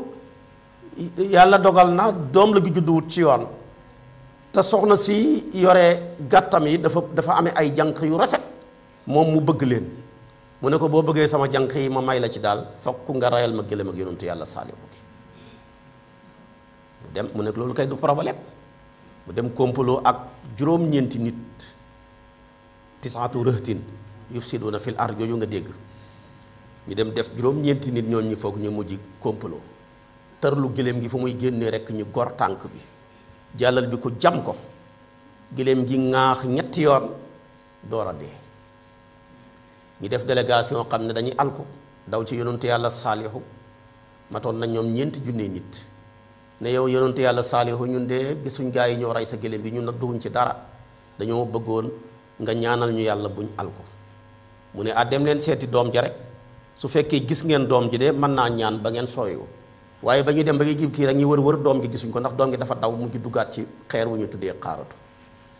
yàlla dogal na doom la ju judduwut ci yoon te soxna si yore gàttam yi dafa dafa ame ay jànq yu rafet moom mu bëgg leen mu ne ko boo bëggee sama jànq yi ma may la ci daal fokk nga rayal ma gëlëm ak yonentu yàlla saalihu gi mu dem mu nekk loolu kay du problème mu dem kompaloo ak juróom-ñeenti nit tisaatu rëhtin yufsiduna fil ard jooju nga dégg ñu dem def juróom-ñeenti nit ñooñu ñu foog ñu mujj kompaloo tërlu gëléem gi fu muy génnee rekk ñu gor tànk bi jàllal bi ku jam ko giléem ji ŋaax ñetti yoon door a dee ñi def délégation xam ne dañuy alku daw ci yonentu yàlla saalihu matoon nañ ñoom ñeenti junne nit ne yow yonentu yàlla saalihu ñun de gisuñ gaa yi ñoo rey sa giléem bi ñun nag dugguñ ci dara dañoo bëggoon nga ñaanal ñu yàlla buñ alku mu ne ah dem leen seeti doom ji rek su fekkee gis ngeen doom ji de mën naa ñaan ba ngeen sooyu waaye ba ñuy dem ba ngay jib kii rek ñu wër wër doom gi gisuñ ko ndax doom gi dafa daw mu duggaat ci xeer wu ñu tuddee xaaratu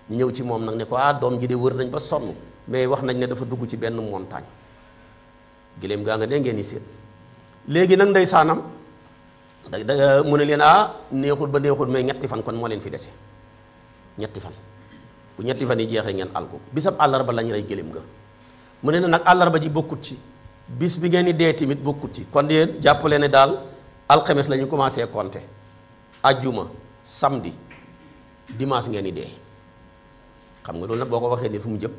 ñu ñëw ci moom nag ne ko ah doom ji de wër nañ ba sonn mais wax nañ ne dafa dugg ci benn montagne giléem gaa nga ne ngeen i séen léegi nag ndey saanam da da mu ne leen ah neexul ba neexul mais ñetti fan kon moo leen fi dese ñetti fan bu ñetti fan yi jeexee ngeen àll ko bisab àllarba lañ rey giléem ga mu ne nag àllarba ji bokkut ci bis bi ngeen di dee tamit bokkut ci kon yéen jàppale ne daal alxames la ñu commencé compter ajjuma samedi dimanche ngeen di dee xam nga loolu nag boo ko waxee ni fu mu jëm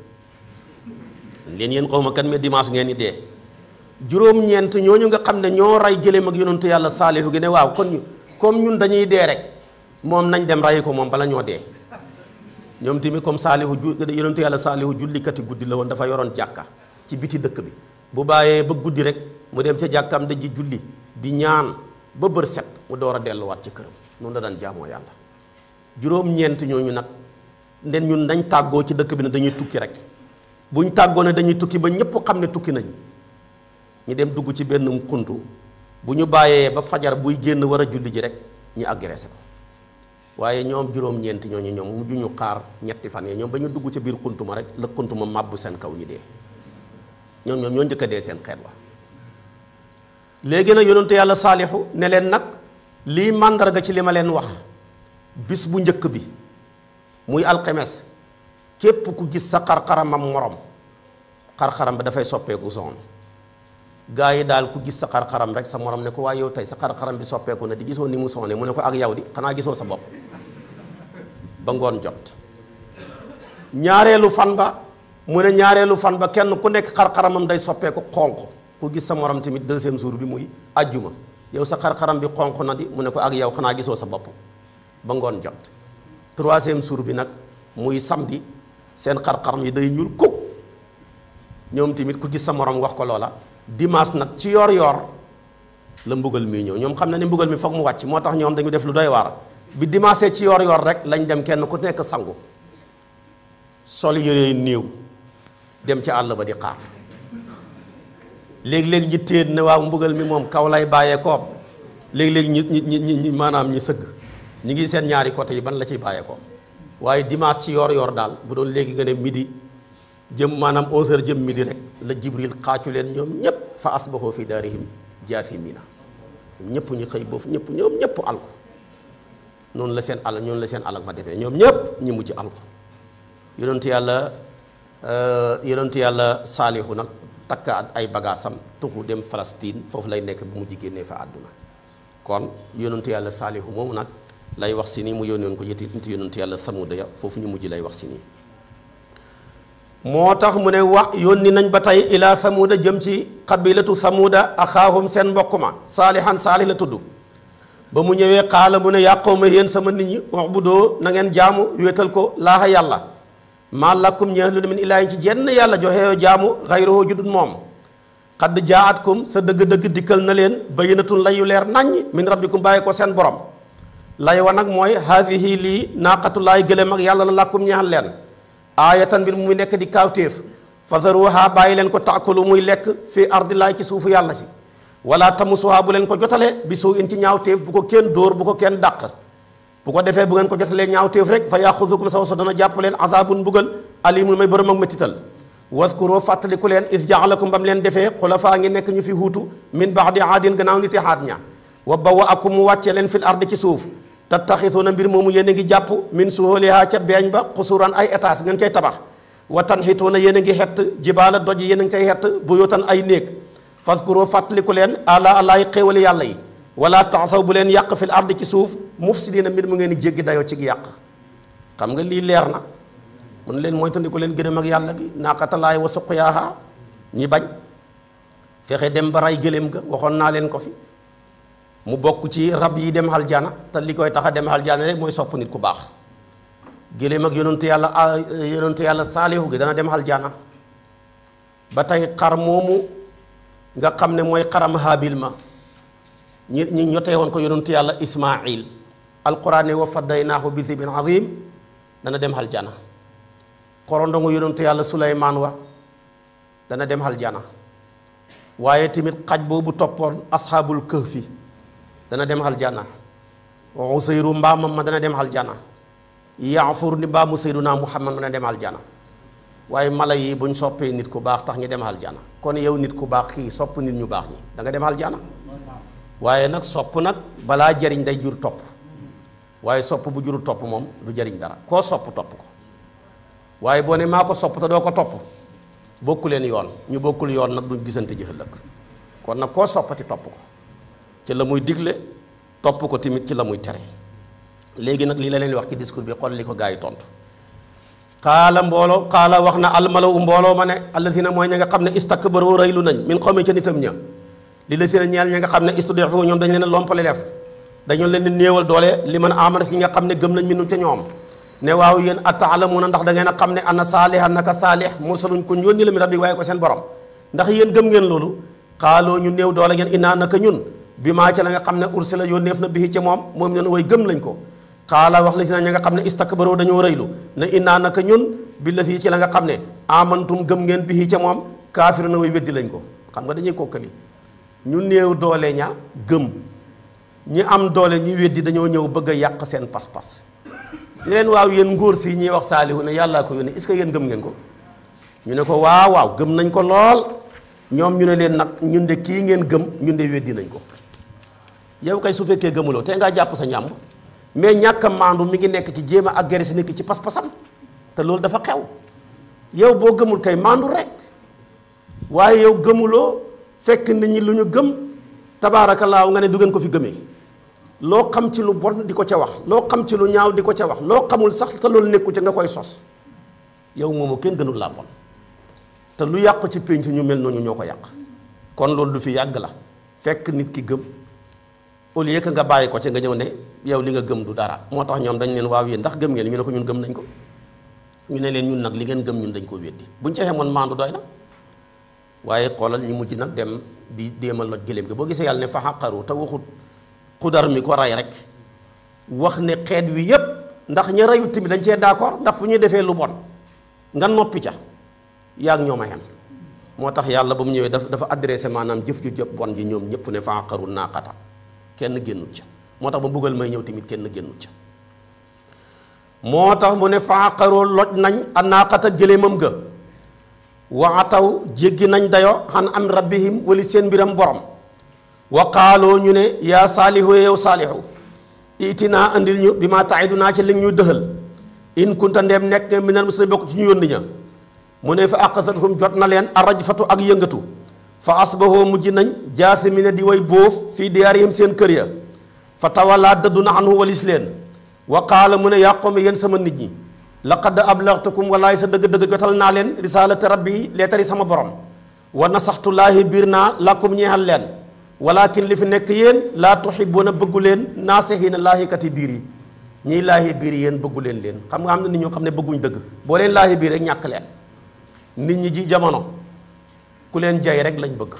leen xaw ma kan mais dimanche ngeen di dee juróom-ñeent ñooñu nga xam ne ñoo ray gëléem ak yonentu yàlla saalihu gi ne waaw kon comme ñun dañuy dee rek moom nañ dem rayi ko moom bala ñoo dee ñoom tamit comme saalihu ju yonentu yàlla saalihu jullikati guddi la woon dafa yoroon jàkka ci biti dëkk bi bu bàyyee ba guddi rek mu dem ca jàkkam da ba bër set mu door a delluwaat ci këram noonu la daan jaamoo yàlla juróom-ñeent ñooñu nag nden ñun dañ tàggoo ci dëkk bi ne dañuy tukki rek buñ tàggoo ne dañuy tukki ba ñëpp xam ne tukki nañ ñu dem dugg ci benn xuntu bu ñu bàyyee ba fajar buy génn war a julli ji rek ñu agressé ko waaye ñoom juróom-ñeent ñooñu ñoom mujj ñu xaar ñetti fan yi ñoom ba ñu dugg ci biir xuntu ma rek la xuntu ma màbbu seen kaw ñi dee ñoom ñoom ñoo njëkk dee seen xeet wa léegi nag yonentu yàlla saalixu ne leen nag lii ga ci li ma leen wax bis bu njëkk bi muy alxemes képp ku gis sa xarxaramam morom xarxaram ba dafay soppeeku zone gaa yi daal ku gis sa xarxaram rek sa morom ne ko waaye yow tey sa xarxaram bi soppeeku na di gisoo ni mu soone mu ne ko ak yow di xanaa gisoo sa bopp ba ngoon jot ñaareelu fan ba mu ne ñaareelu fan ba kenn ku nekk xarxaramam day soppeeku xonq ku gis sa morom tamit deuxième jour bi muy ajjuma yow sa xar-xaram bi xonq na di mu ne ko ak yow xanaa gisoo sa bopp ba ngoon jot troisième jour bi nag muy samedi seen xar-xaram yi day ñuul kuk ñoom tamit ku gis sa morom wax ko loola dimanche nag ci yoor yor la mbugal mi ñëw ñoom xam na ne mbugal mi foog mu wàcc moo tax ñoom dañu def lu doy waar bi dimanche ci yoor yor rek lañ dem kenn ku nekk sangu sol yëre niiw dem ci àll ba di xaar. léegi léeg ñi téet ne waaw mbugal mi moom kaw lay bàyyee léegi-léegi ñi ñi ñi ñi maanaam ñi sëgg ñi ngi seen ñaari côté yi ban la ciy bàyyee koom waaye dimanche ci yoor yor daal bu doon léegi nga ne midi jëm maanaam 11h jëm midi rek la jibril xaacu leen ñoom ñëpp fa asbahu fi daarihim jaafimina ñëpp ñu xëy boofu ñëpp ñoom ñëpp alku noonu la seen alal ñoonu la seen alal ma defee ñoom ñëpp ñu mujj alku yonentu yàlla euh, yonentu yàlla saalihu nag takkaat ay bagaasam tuxu dem Palestine foofu lay nekk bu mu jigéennee fa àdduna kon yonentu yàlla saalihu moomu nag lay wax si nii mu yónnoon ko yëti nit yonentu yàlla samuda ya foofu ñu mujj lay wax si nii moo tax mu ne wax yónni nañ ba tey ilaa samuda jëm ci xabilatu samuda axaahum seen mbokk ma saalihan saalih la tudd ba mu ñëwee xaala mu ne yàqoo ma yéen sama nit ñi wax bu doo na ngeen jaamu wéetal ko laaxa yàlla maa lakum ñeex lu ne min ilaahin ci jenn yàlla joxe jaamu xayruhu judut moom xadd jaatkum sa dëgg-dëgg dikkal na leen bayyinatun layu leer naññ min rabbikum bàyyi ko seen borom lay wa nag mooy haadihi lii naaqatulaay gëléem ak yàlla la lakum ñeexal leen aayatan mbir mu nekk di kaawtéef fadaruha bàyyi leen ko taakulu muy lekk fii ardilaay ci suufu yàlla si wala tamusuha bu leen ko jotale bi suu in ci ñaaw ñaawtéef bu ko kenn dóor bu ko kenn dàq bu ko defee bu ngeen ko jotalee ñaaw téef rek fa yaxuzukum saw sa dana jàpp leen azabun bugal alimun may borom ak métital waskuro fàttaliku leen is jaalakum ba mu leen defee xulafaa ngi nekk ñu fi huutu min baadi aadin gannaaw niti haat ña wa bawa akum mu wàccee leen fil ardi ci suuf tattaxisuuna mbir moomu yéen a ngi jàpp min suholiha ca beeñ ba xusuran ay étage ngeen koy tabax wa tanxituuna yéen a ngi xett jibaala doj yéen a ngi koy xett buyootan ay néeg faskuro fàttaliku leen ala alaay xéewali yàlla yi wala taxaw bu leen yàq fil ard ci suuf mufsidina mbir mu ngeen jéggi dayoo ci yàq xam nga lii leer na mun leen moytandiku leen gërëm ak yàlla gi naaqatalaay wa suqyaaha ñi bañ fexe dem ba ray waxoon naa leen ko fi mu bokk ci rab yi dem aljana te li koy tax a dem aljana rek mooy sopp nit ku baax gëléem ak yonentu yàlla yonentu yàlla saalihu gi dana dem aljana ba tey xar moomu nga xam ne mooy xaram haabil ma ñi ñi ñotee woon ko yonent yàlla ismail alquran ne wa faddaynaahu bi zibin azim dana dem al aljana korondongo yonent yàlla suleymaan wa dana dem aljana waaye tamit xaj boobu toppoon asxaabul kahfi dana dem aljana usayru mbaamam ma dana dem aljana yaafur ni mbaamu sayyiduna muhammad ma dana dem aljana waaye mala yi buñ soppee nit ku baax tax ñu dem aljana kon yow nit ku baax kii sopp nit ñu baax ñi da nga dem aljana waaye nag sopp nag balaa jariñ day jur topp waaye sopp bu juru topp moom du jariñ dara koo sopp topp ko waaye boo ne maa ko sopp te doo ko topp bokk leen yoon ñu bokkul yoon nag du gisante ji ëllëg kon nag koo soppati topp ko ci la muy digle topp ko tamit ci la muy tere léegi nag lii la leen wax ci discours bi xool li ko gaa yi tontu xaala mbooloo xaala wax na almalaw mbooloo ma ne allazina mooy ña nga xam ne istakbaru rëylu nañ min xawmi ca nitam ña li la seen ñeel ñi nga xam ne istudifu ñoom dañ leen a lompale def dañu leen di néewal doole li man amana ñi nga xam ne gëm nañ minum ca ñoom ne waaw yéen ataalamuna ndax da ngeen a xam ne ana saaliha naka saalih mursalun kun yónni la mi rabbi waaye ko seen borom ndax yéen gëm ngeen loolu xaaloo ñu néew doole ngeen inaa naka ñun bi maa ci la nga xam ne ursila yónneef na bihi moom moom leen way gëm lañ ko xaala wax la si na nga xam ne istakbaroo dañoo rëylu ne inaa naka ñun bi la ci la nga xam ne amantum gëm ngeen bihi ca moom kaafiruna way weddi lañ ko xam nga dañuy kokkali ñu néew doole ña gëm ñi am doole ñi weddi dañoo ñëw bëgg yàq seen pas-pas ñu leen waaw yéen ngóor si ñuy wax saalihu ne yàllaa ko yónnee est-ce que yéen gëm ngeen ko ñu ne ko waaw waaw gëm nañ ko lool ñoom ñu ne leen nag ñun de kii ngeen gëm ñun de weddi nañ ko yow kay su fekkee gëmuloo te ngaa jàpp sa ñàmb mais ñàkk a maandu mi ngi nekk ci jéem ak agere si nekk ci pas-pasam te loolu dafa xew yow boo gëmul kay maandu rek waaye yow gëmuloo fekk nit ñi lu ñu gëm laaw nga ne du ngeen ko fi gëmee loo xam ci lu bon di ko ca wax loo xam ci lu ñaaw di ko ca wax loo xamul sax te loolu nekku ca nga koy sos yow moomu kenn gënul laa bon te lu yàqu ci pénc ñu mel noonu ñoo ko yàq kon loolu du fi yàgg la fekk nit ki gëm au lieu nga bàyyi ko ci nga ñëw ne yow li nga gëm du dara moo tax ñoom dañ leen waaw yéen ndax gëm ngeen ñu ne ko ñun gëm nañ ko ñu ne leen ñun nag li ngeen gëm ñun dañ koo weddi buñ ca xemoon maandu doy na waaye xoolal ñu mujj nag dem di déemal loj gëléem gi boo gisee yàlla ne fa xaqaru te waxut xudar mi ko rey rek wax ne xeet wi yépp ndax ñu reyut tamit dañ cee d'accord ndax fu ñu defee lu bon nga noppi ca yaag ñoom a yem moo tax yàlla ba mu ñëwee dafa dafa adressé maanaam jëf ju jëpp bon ji ñoom ñëpp ne fa xaqaru kenn génnu ca moo tax ba mbugal may ñëw tamit kenn génnu ca moo tax mu ne fa xaqaru loj nañ a naaqata gëléemam ga waxataw jéggi nañ dayo xan am rabbihim wali seen mbiram borom waqaaloo ñu ne yaa saalihu yow saalihu itinaa indi ñu bi maa naa ci li ñu dëxal in kunta nekk nga minal muslimin bokk ci ñu yónni ña mu ne fa aqasathum jot na leen arrajfatu ak yëngatu fa asbahoo mujj nañ jaasimina di way bóof fii diyaarihim seen kër ya fa tawalaa dëddu na anhu walis leen wa qaala mu ne yaa qawmi yéen sama nit ñi laqad ablaghtukum walaay sa dëgg-dëgg jotal naa leen risaalati rabbi leetari sama borom wa nasaxtu laahi biir naa làkkum ñeexal leen walakin li fi nekk yéen laa tuhibbuna bëggu leen naasixiina laahikat yi biir yi ñii laahi biir yéen bëggu leen leen xam nga am na nit ñoo xam ne bëgguñ dëgg boo leen laahi biir rek ñàkk leen nit ñi ji jamono ku leen jay rek lañ bëgg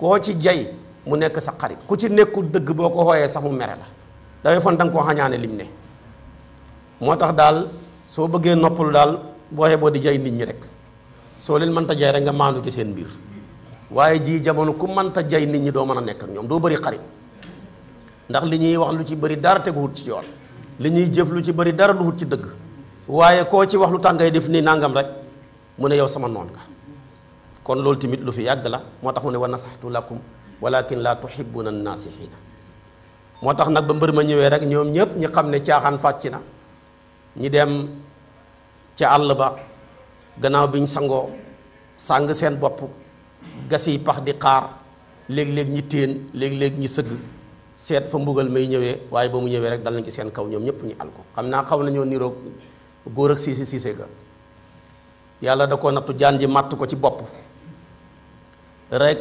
koo ci jay mu nekk sa xarit ku ci nekkul dëgg boo ko xooyee sax mu mere la dafay fan koo xañaane lim ne tax daal soo bëggee noppalu daal boo xeboo di jay nit ñi rek soo leen mënta jay rek nga maandu ci seen mbir waaye jii jamono ku manta jay nit ñi doo mën a nekk ñoom doo bëri xarit ndax li ñuy wax lu ci bëri dara teguwut ci yoon li ñuy jëf lu ci bëri dara duwut ci dëgg waaye koo ci wax lu tàngay def nii nangam rek mu ne yow sama noon nga kon loolu tamit lu fi yàgg la moo tax mu ne wa nasaxtu lakum walakin laa tuhibbuna an-naasihiina moo tax nag ba mbër ma ñëwee rek ñoom ñëpp ñu xam ne caaxaan fàcc na ñi dem ca àll ba gannaaw bi ñu sangoo sàng seen bopp gas yi pax di xaar léeg-léeg ñi téen léeg-léeg ñi sëgg seet fa mbugal may ñëwee waaye ba mu ñëwee rek dal nañ ci seen kaw ñoom ñëpp ñu àll ko xam naa xaw nañoo niroog góor ak siisi siise ga yàlla da ko nattu jaan ji màtt ko ci bopp rek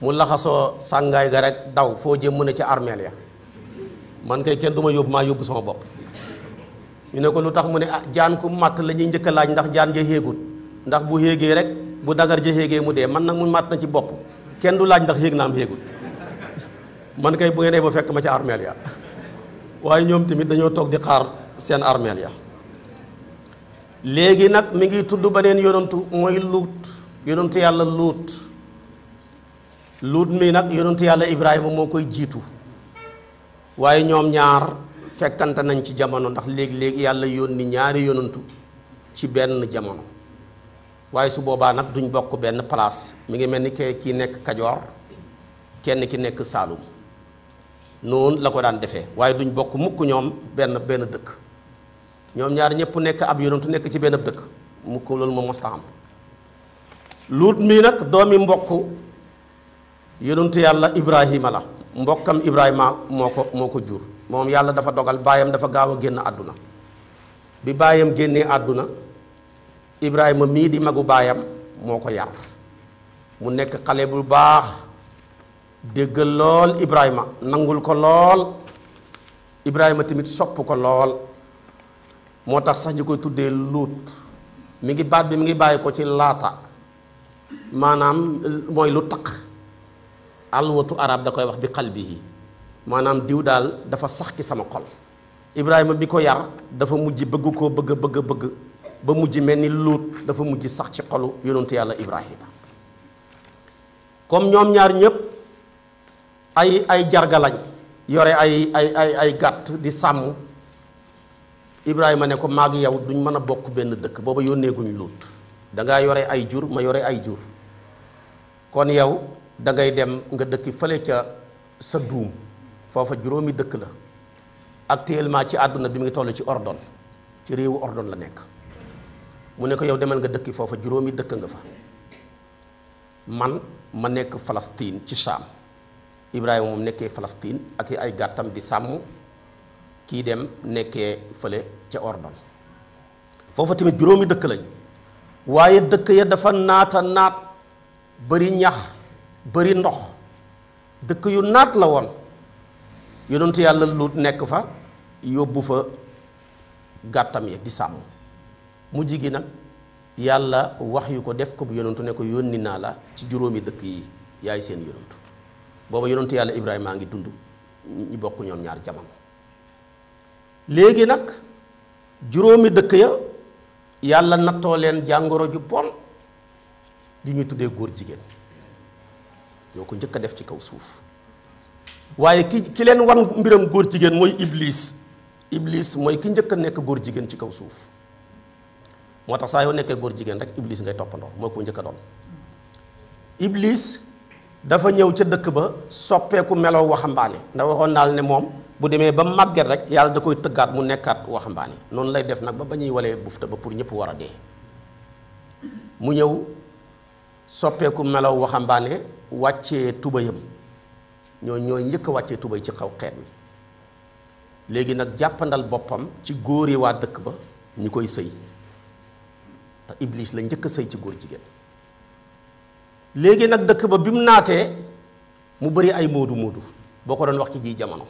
mu laxasoo sàngaay ga rek daw foo jëm mu ne ci armeel ya man kay kenn du ma yóbbu maa yóbbu sama bopp ñu ne ko lu tax mu ne ah jaan ku màtt la ñuy njëkk laaj ndax jaan ja xéegut ndax bu xéegee rek bu dagar ja xéegee mu dee man nag mu màtt na ci bopp kenn du laaj ndax xéeg na am xéegut man kay bu ngeen nee ba fekk ma ci armeel ya waaye ñoom tamit dañoo toog di seen armeel ya léegi nag mi ngi tudd beneen yonantu mooy luut yonantu yàlla luut luut mi nag yonantu yàlla ibrahima moo koy jiitu waaye ñoom ñaar fekkante nañ ci jamono ndax léegi-léegi yàlla ni ñaari yonantu ci benn jamono waaye su boobaa nag duñ bokk benn place mi ngi mel ni ke kii nekk Kajoor kenn ki nekk Saalum noonu la ko daan defee waaye duñ bokk mukk ñoom benn benn dëkk ñoom ñaari ñëpp nekk ab yonantu nekk ci benn dëkk mukk loolu moom mos am luut mii nag doomi mbokk yonantu yàlla Ibrahima la mbokkam Ibrahima moo ko moo ko jur moom yàlla dafa dogal baayam dafa gaaw a génn àdduna bi baayam génnee àdduna Ibrahima mii di magu baayam moo ko yar mu nekk xale bu baax déggal lool Ibrahima nangul ko lool Ibrahima tamit sopp ko lool moo tax sax ñu koy tuddee luut mu ngi baat bi mu ngi bàyyi ko ci laata maanaam mooy lu taq alwatu arab da koy wax bi xal bi yi maanaam diw daal dafa sax ci sama xol Ibrahima bi ko yar dafa mujj bëgg koo bëgg bëgg bëgg ba mujj mel ni luut dafa mujj sax ci xolu yonentu yàlla Ibrahima comme ñoom ñaar ñëpp ay ay jargalañ yore ay ay ay gàtt di sàmm Ibrahima ne ko maag yow duñ mën a bokk benn dëkk booba yónneeguñ luut dangay yore ay jur ma yore ay jur kon yow dangay dem nga dëkk fale ca sa duum foofa juróomi dëkk la actuellement ci àdduna bi mu ngi toll ci ordon ci réewu ordon la nekk mu ne ko yow demal nga dëkki foofa juróomi dëkk nga fa man ma nekk Palestine ci Saam Ibrahima moom nekkee Palestine ak ay gàttam di sàmm kii dem nekkee fële ca ordon foofa tamit juróomi dëkk lañ waaye dëkk ya dafa naata naat bari ñax bari ndox dëkk yu naat la woon yonentu yàlla luut nekk fa yóbbu fa gàttam ya di sàmm mujj gi nag yàlla wax yu ko def ko bu yonentu ne ko yónni naa la ci juróomi dëkk yi yaay seen yonentu booba yonentu yàlla Ibrahima a ngi dund ñu bokk ñoom ñaar jamono léegi nag juróomi dëkk ya yàlla nattoo leen jàngoro ju bon li ñuy tuddee góor jigéen ñoo ko njëkk def ci kaw suuf waaye ki ki leen wan mbiram góor jigéen mooy iblis iblis mooy ki njëkk a nekk góor jigéen ci kaw suuf moo tax saa yoo nekkee góor jigéen rek iblis ngay toppandoo moo ko njëkk a doon iblis dafa ñëw ca dëkk ba soppeeku meloo waxambaane ndax waxoon naal ne moom bu demee ba màgget rek yàlla da koy tëggaat mu nekkaat waxambaane noonu lay def nag ba ba ñuy walee bufta ba pour ñëpp war a dee mu ñëw soppeeku melaw waxambaane wàcce tubayam ñoo ñooy njëkk a wàccee tubay ci xaw xeet wi léegi nag jàppandal boppam ci góor yi waa dëkk ba ñu koy sëy te iblis la njëkk a sëy ci góor jigéen léegi nag dëkk ba bi mu naatee mu bëri ay moodu moodu boo ko doon wax ci ji jamono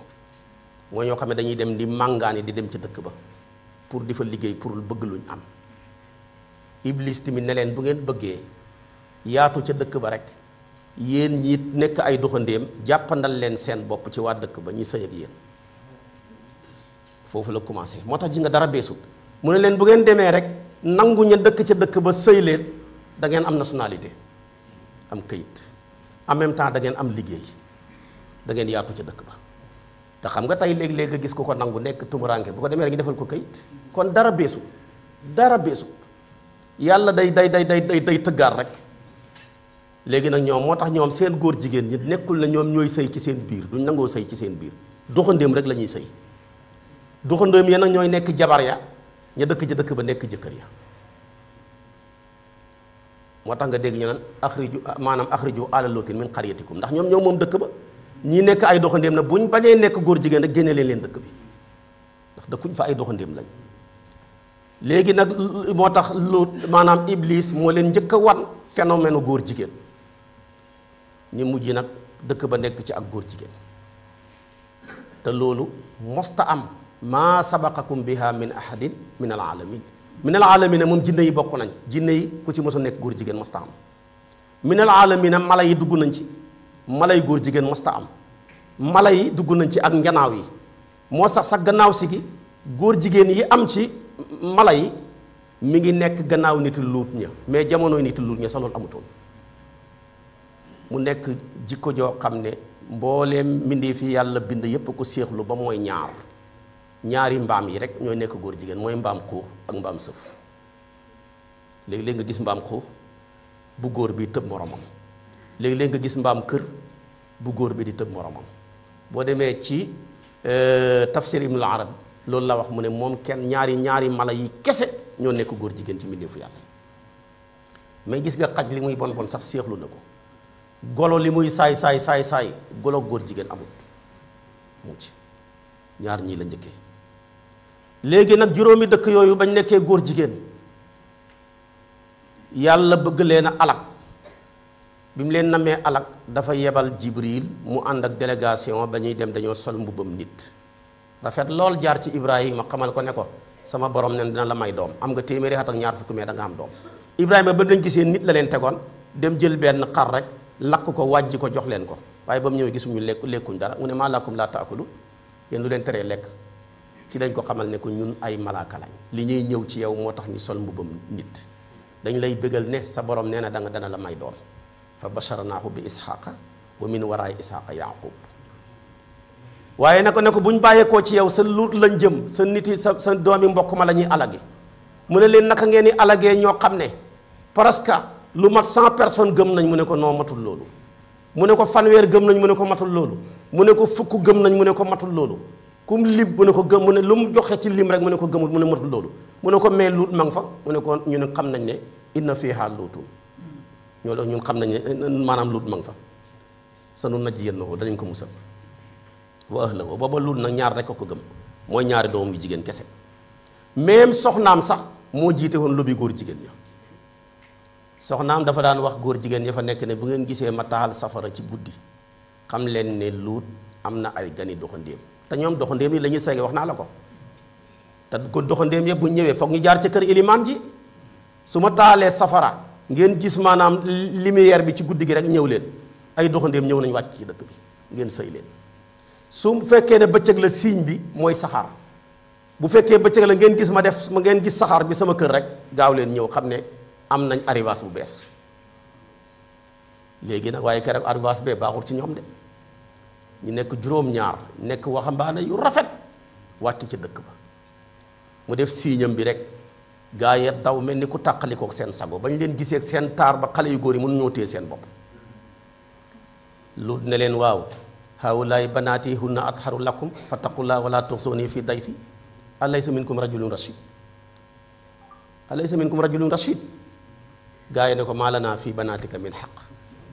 mooy ñoo xam ne dañuy dem di màngaani di dem ca dëkk ba pour di fa liggéey pour bëgg luñ am iblis tamit ne leen bu ngeen bëggee yaatu ca dëkk ba rek yéen ñi nekk ay doxandéem jàppandal leen seen bopp ci waa dëkk ba ñi sëy yéen foofu la commencé moo tax ji nga dara beesul mu ne leen bu ngeen demee rek nangu ña dëkk ca dëkk ba sëy leen da ngeen am nationalité am këyit en même temps da am liggéey dangeen ngeen yaatu ca dëkk ba te xam nga tey léegi léeg nga gis ko ko nangu nekk tumuranke bu ko demee rek ñu defal ko këyit kon dara beesul dara beesul yàlla day day day day day tëggaat rek léegi nag ñoom moo tax ñoom seen góor jigéen ñi nekkul na ñoom ñooy sëy ci seen biir duñ nangoo sëy ci seen biir doxandéem rek la ñuy sëy doxandéem ya nag ñooy nekk jabar ya ña dëkk ja dëkk ba nekk jëkkër ya moo tax nga dégg ñu naan axriju maanaam axriju ala lootin min xaryatikum ndax ñoom ñoo moom dëkk ba ñii nekk ay doxandéem na buñ bañee nekk góor jigéen rek génne leen leen dëkk bi ndax dëkkuñ fa ay doxandéem lañ léegi nag moo tax lu maanaam iblis moo leen njëkk a wan phénomène góor jigéen ñu mujj nag dëkk ba nekk ci ak góor jigéen te loolu mosta am maa sabaqakum biha min ahadin min al alamin min al alamina moom jinne yi bokk nañ jinne yi ku ci mos nekk góor jigéen mosta am min al alamina mala yi dugg nañ ci mala yi góor jigéen mosta am mala yi dugg nañ ci ak njanaaw yi moo sax sax gannaaw si gi góor jigéen yi am ci mala yi mi ngi nekk gannaaw niti luut ña mais jamono niti luut ña sax loolu amutoon mu nekk jikko joo xam ne mbooleem mbindee fi yàlla bind yépp ko séexlu ba mooy ñaar ñaari mbaam yi rek ñoo nekk góor jigéen mooy mbaam xuux ak mbaam sëf léegi-léeg nga gis mbaam xuux bu góor bi tëb moromam léegi-léeg nga gis mbaam kër bu góor bi di tëb moromam boo demee ci euh, tafsir ibnul arab loolu la wax mu ne moom kenn ñaari ñaari mala yi kese ñoo nekk góor jigéen ci mbindeefu yàlla mais gis nga xaj li muy bon bon sax séexlu na ko golo li muy saay saay saay saay golo góor jigéen amut mu ci ñaar ñii la njëkkee léegi nag juróomi dëkk yooyu bañ nekkee góor jigéen yàlla bëgg leen a alak bi mu leen namee alak dafa yebal jibril mu ànd ak délégation ba ñuy dem dañoo sol mbubbam nit rafet lool jaar ci ibrahima xamal ko ne ko sama borom ne dina la may doom am nga téeméeri at ak ñaar fukki mee da nga am doom ibrahima ba dañ gisee nit la leen tegoon dem jël benn xar rek lakk ko wàjji ko jox leen ko waaye ba mu ñëwee gisuñu lekk lekkuñ dara mu ne maa lakum laa taakulu yéen lu leen teree lekk ci dañ ko xamal ne ko ñun ay malaaka lañ li ñuy ñëw ci yow moo tax ñu sol mbubam nit dañ lay bëggal ne sa borom nee na da nga dana la may doom fa basharnaahu bi ishaqa wa min waraay ishaqa yaqub waaye na ko ne ko buñ bàyyeekoo ci yow sa luut lañ jëm sa nit yi sa sa doomi mbokk ma la ñuy alage mu ne leen naka ngeen di alagee ñoo xam ne presque lu mat cent personne gëm nañ mu ne ko noo matul loolu mu ne ko fanweer gëm nañ mu ne ko matul loolu mu ne ko fukk gëm nañ mu ne ko matul loolu kum lim mu ne ko gëm mu ne lu mu joxe ci lim rek mu ne ko gëmul mu ne matul loolu mu ne ko mais luut ma fa mu ne ko ñu ne xam nañ ne inna fiihaa luutun ñoo la ñun xam nañ ne maanaam luut ma nga fa sanu najjiyannahu danañ ko musal wa ahlahu booba luut na ñaar rek ko gëm mooy ñaari doomu jigéen kese même soxnaam sax moo jiite woon lu jigéen ña soxnaam dafa daan wax góor jigéen ya fa nekk ne bu ngeen gisee ma taal safara ci guddi xam leen ne luut am na ay gani doxandéem te ñoom doxandéem yi la wax naa la ko te ko doxandéem yëpp bu ñëwee foog ñu jaar ci kër ilimaan ji su ma taalee safara ngeen gis maanaam lumière bi ci guddi gi rek ñëw leen ay doxandéem ñëw nañu wàcc ci dëkk bi ngeen sëy leen su fekkee ne bëccëg la siiñ bi mooy saxaar bu fekkee bëccëg la ngeen gis ma def ma ngeen gis saxaar bi sama kër rek gaaw leen ñëw xam ne am nañ arrivage bu bees léegi nag waaye keroog arrivage bee baaxul ci ñoom de ñu nekk juróom-ñaar nekk waxambaane yu rafet wàcc ci dëkk ba mu def siiñam bi rek gaa yee daw mel ni ku tàqalikook seen sago ba ñu leen gisee seen taar ba xale yu góor yi mënu ñoo téye seen bopp lu ne leen waaw haawulaay banaati hunna atharu lakum fii wala tuxsooni fi dayfi alaysa minkum rajulun rashid alaysa minkum rajulun rashid gaa yi ne ko maa naa fii banaatika min xaq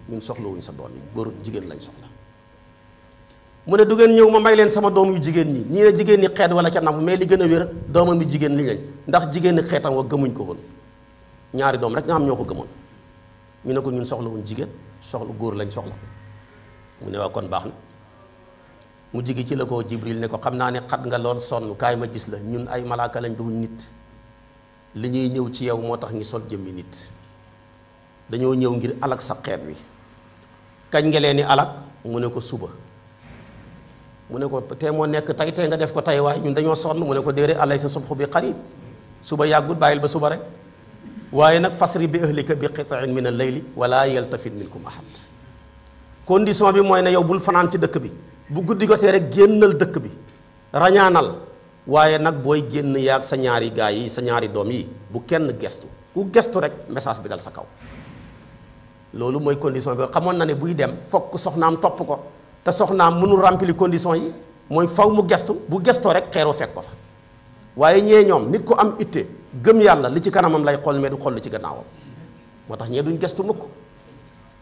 ñun soxlawuñ sa doom yi góor jigéen lañ soxla mu ne du ñëw ma may leen sama doom yu jigéen ñi ñii ne jigéen ñi xeet wala ca nam mais li gën a wér doomam yu jigéen li lañ ndax jigéen ñi xeetam ko woon ñaari doom rek nga ñoo ko gëmoon ñu ne ko ñun soxlawuñ jigéen soxla góor lañ soxla mu ne waa kon baax na mu jigi ci la ko jibril ne ko xam naa ne xat nga lool sonn kaay ma gis la ñun ay malaaka lañ duñ nit li ñuy ñëw ci yow moo tax ñu sol jëmmi nit dañoo ñëw ngir alak sa xeet wi kañ nga leen di alak mu ne ko suba mu ne ko te moo nekk tey tey nga def ko tey waaye ñun dañoo sonn mu ne ko déere alay sa subxu bi xarib suba yàggul bàyyil ba suba rek waaye nag fasri bi ahlika bi qitain min al layli wala yaltafit minkum ahad condition bi mooy ne yow bul fanaan ci dëkk bi bu guddi gotee rek génnal dëkk bi rañaanal waaye nag booy génn yaag sa ñaari gaa yi sa ñaari doom yi bu kenn gestu ku gestu rek message bi dal sa kaw loolu mooy condition bi xamoon na ne buy dem fokk soxnaam topp ko te soxnaam mënul remplir condition yi mooy faw mu gestu bu gestoo rek xeeroo fekk ko fa waaye ñee ñoom nit ko am itte gëm yàlla li ci kanamam lay xool mee du xool li ci gannaawam moo tax ñee duñ gestu mukk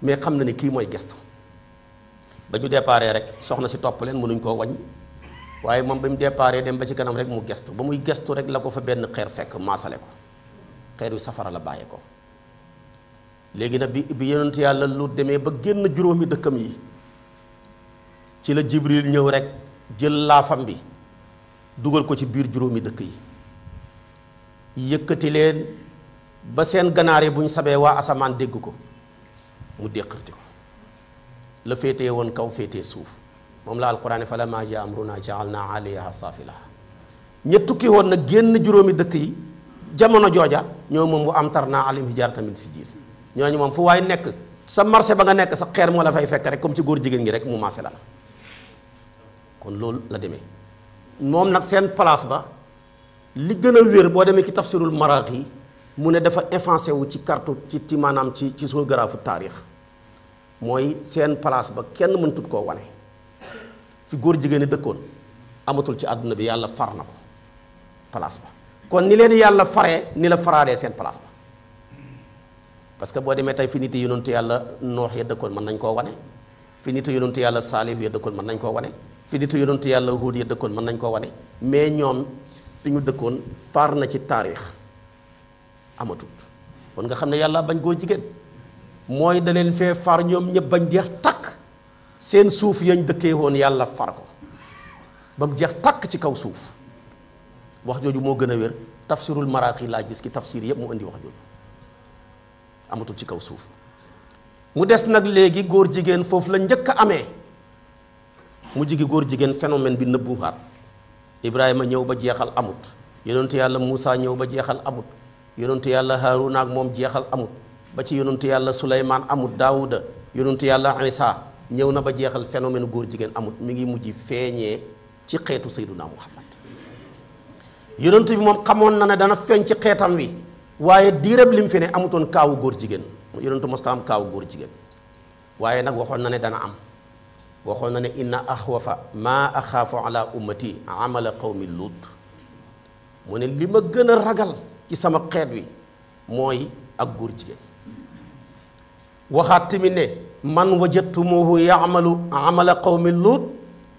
mais xam na ni kii mooy gestu ba ñu déparé rek soxna si topp leen mënuñ koo wañ waaye moom ba mu déparé dem ba ci kanam rek mu gestu ba muy gestu rek la ko fa benn xeer fekk maasale ko xeer safara la bàyyee ko léegi nag bi bi yonent yàlla lu demee ba génn juróomi dëkkam yi ci la jibril ñëw rek jël laafam bi dugal ko ci biir juróomi dëkk yi yëkkati leen ba seen ganaar yi bu ñu sabee waa asamaan dégg ko mu déqarti ko la féetee woon kaw féetee suuf moom la alquraan fa lammaa jaa amrunaa ja'alnaa aaliyahaa saafilahaa ña tukki woon nag génn juróomi dëkk yi jamono jooja ñoo moom wa amtarnaa alayhim hijaaratan min sijiil ñooñu moom fu waay nekk sa marché ba nga nekk sa xeer moo la fay fekk rek comme ci góor jigéen gi rek mu marché la la kon loolu la demee moom nag seen place ba li gën a wér boo demee ki ci tafsirul maraax yi mu ne dafa effacé wu ci kartu ci ci maanaam ci ci géographe taarix mooy seen place ba kenn mëntul koo wane fi góor jigéen ñi dëkkoon amatul ci àdduna bi yàlla far na ko place ba kon ni leen yàlla faree ni la faraaree seen place ba parce que boo demee tey fi nit yi yonentu yàlla noox ya dëkkoon mën nañ koo wane fi nit yi yonentu yàlla saalih ya dëkkoon mën nañ koo wane fi nit yi yonentu yàlla huud ya dëkkoon mën nañ koo wane mais ñoom fi ñu dëkkoon faar na ci taarix amatut kon nga xam ne yàlla bañ góor jigéen mooy da leen fee far ñoom ñëpp bañ jeex takk seen suuf yañ dëkkee woon yàlla far ko ba mu jeex takk ci kaw suuf wax jooju moo gën a wér tafsirul maraaqi laa gis ki tafsir yëpp mu indi wax amatul ci kaw suuf mu des nag léegi góor jigéen foofu la njëkk a amee mu jigi góor jigéen fenomen bi nëbbu xaat Ibrahima ñëw ba jeexal amut yonentu yàlla Moussa ñëw ba jeexal amut yonentu yàlla Haaruna ak moom jeexal amut ba ci yonentu yàlla Suleymaan amut Daawuda yonentu yàlla Isa ñëw na ba jeexal phénomène góor jigéen amut mu ngi mujj feeñee ci xeetu Sayyiduna Muhammad yonent bi moom xamoon na ne dana feeñ ci xeetam wi waaye diirab lim fi ne amutoon kaawu góor jigéen yonentu mosta am kaawu góor jigéen waaye nag waxoon na ne dana am waxoon na ne inna axwafa maa axaafu ala ummati amala qawmi lut mu ne li ma gën a ragal ci sama xeet wi mooy ak góor jigéen waxaat tamit ne man wajadtumuhu yaamalu amala qawmi lut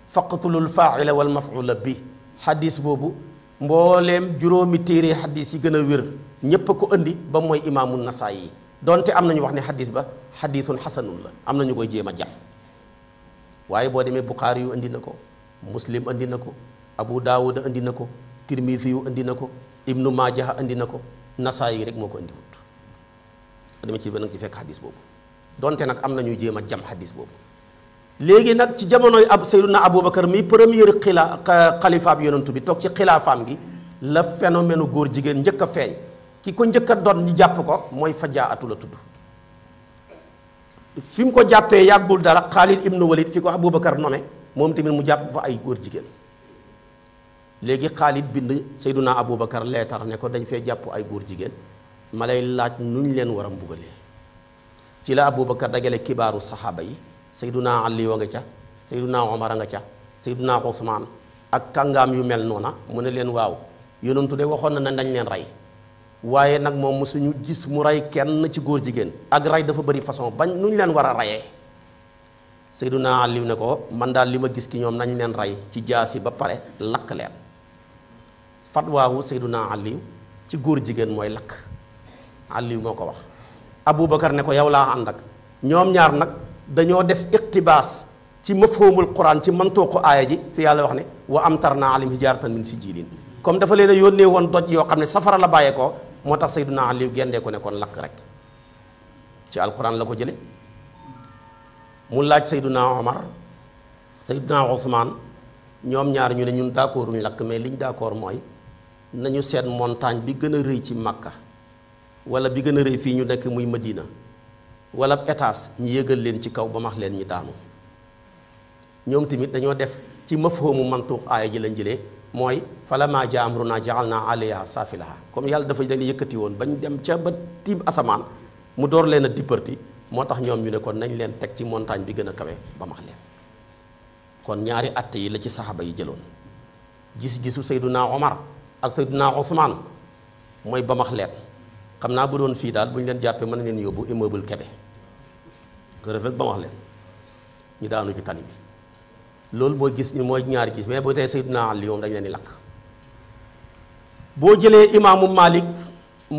faqtulul faaila wal mafula bi xadis boobu mbooleem juróomi téere xadis yi gën a wér ñépp ko indi ba mooy imaamu nasaa yi donte am na ñu wax ne xadis ba xadisun xasanun la am nañu koy jéem a jàpp waaye boo demee Buxaari yu indi na ko Muslim indi na ko Abu Daawuda indi na ko Tirmisi yu indi na ko Ibnu Maajaha indi na ko nasaa yi rek moo ko indi wut ci benn ci fekk xadis boobu donte nag am nañu jéem a jam xadis boobu léegi nag ci jamonoy ab Seydina Aboubacar mi premier xila xalifaab yonantu bi toog ci xilaafaam gi la phénomène góor jigéen njëkk a feeñ ki ko njëkk don doon jàpp ko mooy fajaatu la tudd fi mu ko jàppee yàggul dara Xaalid ibnu Walid fi ko Aboubacar nome moom tamit mu jàpp fa ay góor jigéen léegi Xaalid bind Seydunaa Aboubacar leetar ne ko dañ fee jàpp ay góor jigéen ma laaj nuñ leen war a mbugalee ci la Aboubacar dagale kibaaru saxaaba yi Seydunaa Ali wa nga ca Seydunaa Omar a nga ca Seydunaa Ousmane ak kàngaam yu mel noona mu ne leen waaw yonentu de waxoon na dañ leen rey waaye nag moom mosuñu gis mu rey kenn ci góor jigéen ak rey dafa bari façon bañ nu ñu leen war a reyee Seyduna Ali ne ko man daal li ma gis ki ñoom nañ leen rey ci jaasi ba pare lakk leen fatwaawu Seyduna Ali ci góor jigéen mooy lakk Ali moo ko wax Aboubacar ne ko yow laa ànd ak ñoom ñaar nag dañoo def iqtibaas ci mafhumul quran ci mëntoo ko aaya ji fi yàlla wax ne wa amtarna alayhim hijaratan si sijilin comme dafa leen a yónnee woon doj yoo xam ne safara bàyyee ko moo tax du sayyiduna Aliyu gendee ko ne kon lakk rek ci alquran la ko jële mu laaj du sayyiduna Omar sayyiduna Ousmane ñoom ñaar ñu ne ñun d'accord ñu lakk mais liñ d'accord mooy nañu seet montagne bi gën a rëy ci Makka walla bi gën a rëy fii ñu nekk muy ma Madina wala étage ñu yëgal leen ci kaw ba max leen ñi daanu ñoom tamit dañoo def ci mafhoomu mantuux aaya ji lañ jële mooy falammaa jaa amrunaa naa aaliyahaa saafilahaa comme yàlla dafa leen yëkkati woon bañ dem ca ba tiim asamaan mu door leen a dipparti moo tax ñoom ñu ne kon nañ leen teg ci montagne bi gën a kawe ba max kon ñaari att yi la ci saxaaba yi jëloon gis-gisu naa Omar ak Seydunaa Ousmane mooy ba max leen xam naa bu doon fii daal bu ñu leen jàppee man na leen yóbbu immeuble Kébé nga def rek ba ñu daanu ci tali bi loolu mooy gis ñu mooy ñaari gis mais boo tey Seydina Ali moom dañ leen lakk boo jëlee imaamu Malik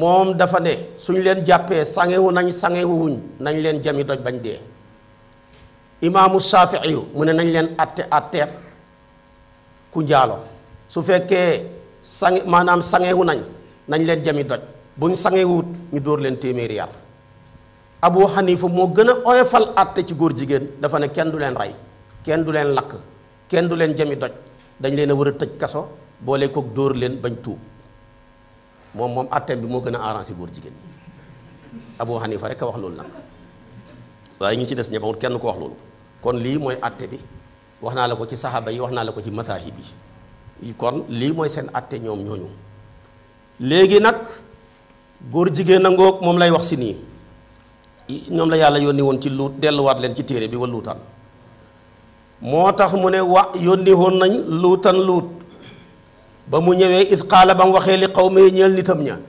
moom dafa ne suñ leen jàppee sangewu nañ sangewuwuñ nañ leen jami doj bañ dee imaamu Shafii yu mu nañ leen atte atteeb ku njaalo su fekkee sange maanaam sangewu nañ nañ leen jami doj buñ sangewut ñu dóor leen téeméeri yar Abu Hanifa moo gën a oyofal atte ci góor jigéen dafa ne kenn du leen rey kenn du leen lakk kenn du leen jami doj dañ leen a war a tëj kaso boole kook dóor leen bañ tuub moom moom atteem bi moo gën a arrangé góor jigéen ñi Abu Hanifa rek a wax loolu nag waaye ñu ci des ñëpp amul kenn ko wax loolu kon lii mooy atte bi wax naa la ko ci saxaaba yi wax naa la ko ci masaahib yi kon lii mooy seen atte ñoom ñooñu léegi nag góor jigéen a ngoog moom lay wax si nii ñoom la yàlla yónni woon ci luut delluwaat leen ci téere bi wala luutaan moo tax mu ne wax yónni woon nañ luutan luut ba mu ñëwee is qaala ba mu waxee li xaw mee ñeel nitam ña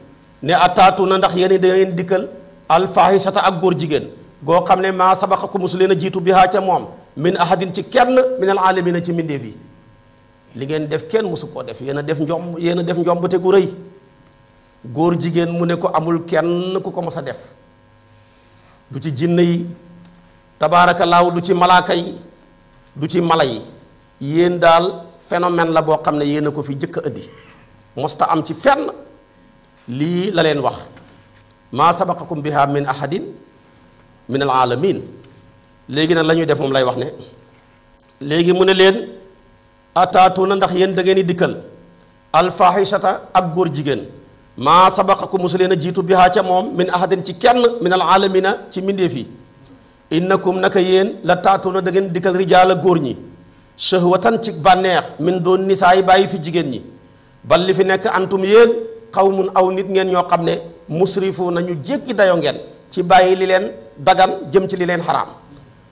ne ataatu na ndax yéen da ngeen dikkal alfahisata ak góor jigéen goo xam ne maa sabaqakum musu leen a jiitu bi haa ca moom min ahadin ci kenn min al alamina ci mbindeef yi li ngeen def kenn musu koo def yéen a def njomb yéen a def njomb te gu rëy góor jigéen mu ne ko amul kenn ku ko mos a def du ci jinne yi tabaarakallaahu du ci malaaka yi du ci mala yi yéen daal phénomène la boo xam ne yéen ko fi jëkk a mosta am ci fenn lii la leen wax maa sabaqakum biha min ahadin min al alamin léegi nag lañuy def moom lay wax ne léegi mu ne leen ataatuna ndax yéen da yi di dikkal alfahishata ak góor jigéen maa sabaqakum mosu leen a jiitu biha ca moom min ahadin ci kenn min al alamina ci mbindeef fii innakum naka yéen la taatu na da ngeen dikkal rijaala góor ñi shahwatan ci bànneex min doon yi bàyyi fi jigéen ñi bal li fi nekk antum yéen xawmun aw nit ngeen ñoo xam ne musrifu nañu jéggi dayo ngeen ci bàyyi li leen dagan jëm ci li leen xaraam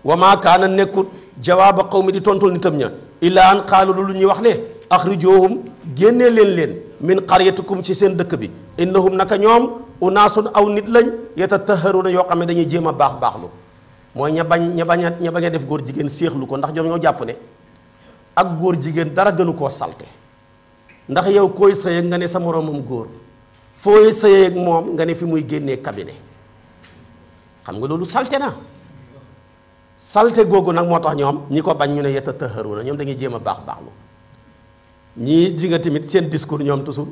wa maa kaana nekkut jawaaba qawmi di tontul nitam ña illaa an qaalu lu ñuy wax ne axrijoohum génnee leen leen min qaryatikum ci seen dëkk bi innahum naka ñoom unaasun aw nit lañ yatataharuuna yoo xam ne dañuy jéem a baax baaxlu mooy ña bañ ña bañ a ña bañ a def góor jigéen séexlu ko ndax ñoom ñoo jàpp ne ak góor jigéen dara gënu koo salte ndax yow koy sëyeeg nga ne sa moroomam góor fooy sëyeeg moom nga ne fi muy génnee cabinet xam nga loolu salte na salte googu nag moo tax ñoom ñi ko bañ ñu ne yetta tëxaru na ñoom dañuy jéem a baax baaxlu ñii ji nga tamit seen discours ñoom toujours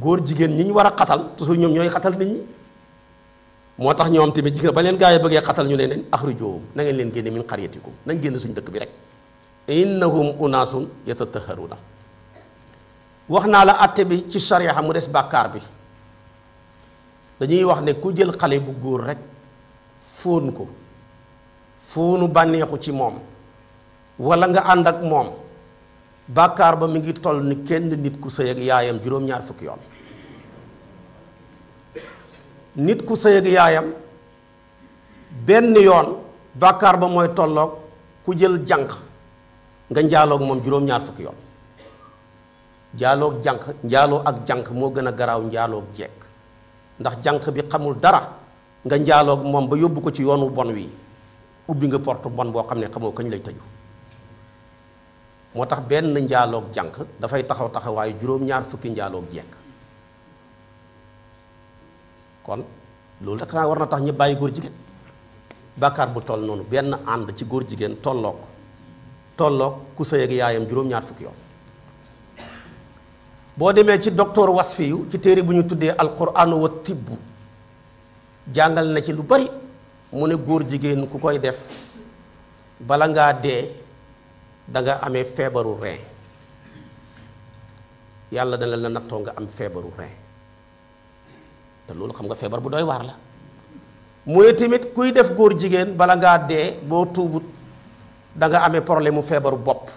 góor jigéen ñi ñu war a xatal toujours ñoom ñooy xatal nit ñi moo tax ñoom tamit gis nga ba leen gaa yi bëggee xatal ñu leen axrijuhum na ngeen leen génne min xaryatikum nañ génn suñ dëkk bi rek innahum unaasun yatataharuuna wax naa la atte bi ci sariya mu des bàkkaar bi dañuy wax ne ku jël xale bu góor rek fóon ko fóonu bànneexu ci moom walla nga ànd ak moom bàkkaar ba mu ngi toll ni kenn nit ku sëy ak yaayam juróom-ñaar fukki yoon nit ku sëy ak yaayam benn yoon bàkkaar ba mooy tolloog ku jël janq nga njaaloog moom juróom-ñaar fukki yoon njaaloog jànq njaaloo ak janq moo gën a garaaw njaaloog jekk ndax janq bi xamul dara nga njaaloog moom ba yóbbu ko ci yoonu bon wi ubbi nga porte bon boo xam ne xamoo kañ lay tëju moo tax benn njaaloog jànq dafay taxaw taxawaayu juróom-ñaar fukki njaaloog jekk kon loolu rek xanaa war na tax ñi bàyyi góor jigéen bàkkaar bu toll noonu benn ànd ci góor jigéen tolloo ko tolloog ku sëy ak yaayam juróom-ñaar fukki yoon boo demee ci docteur Wasfiyu ci téere bu ñu tuddee alquraan wa tibb jàngal na ci lu bari mu ne góor jigéen ku koy def bala ngaa dee danga nga amee feebaru rein yàlla dana la nattoo nga am feebaru rein te loolu xam nga feebar bu doy waar la mu ne tamit kuy def góor jigéen bala ngaa dee boo tuubut danga nga amee problème mu feebaru bopp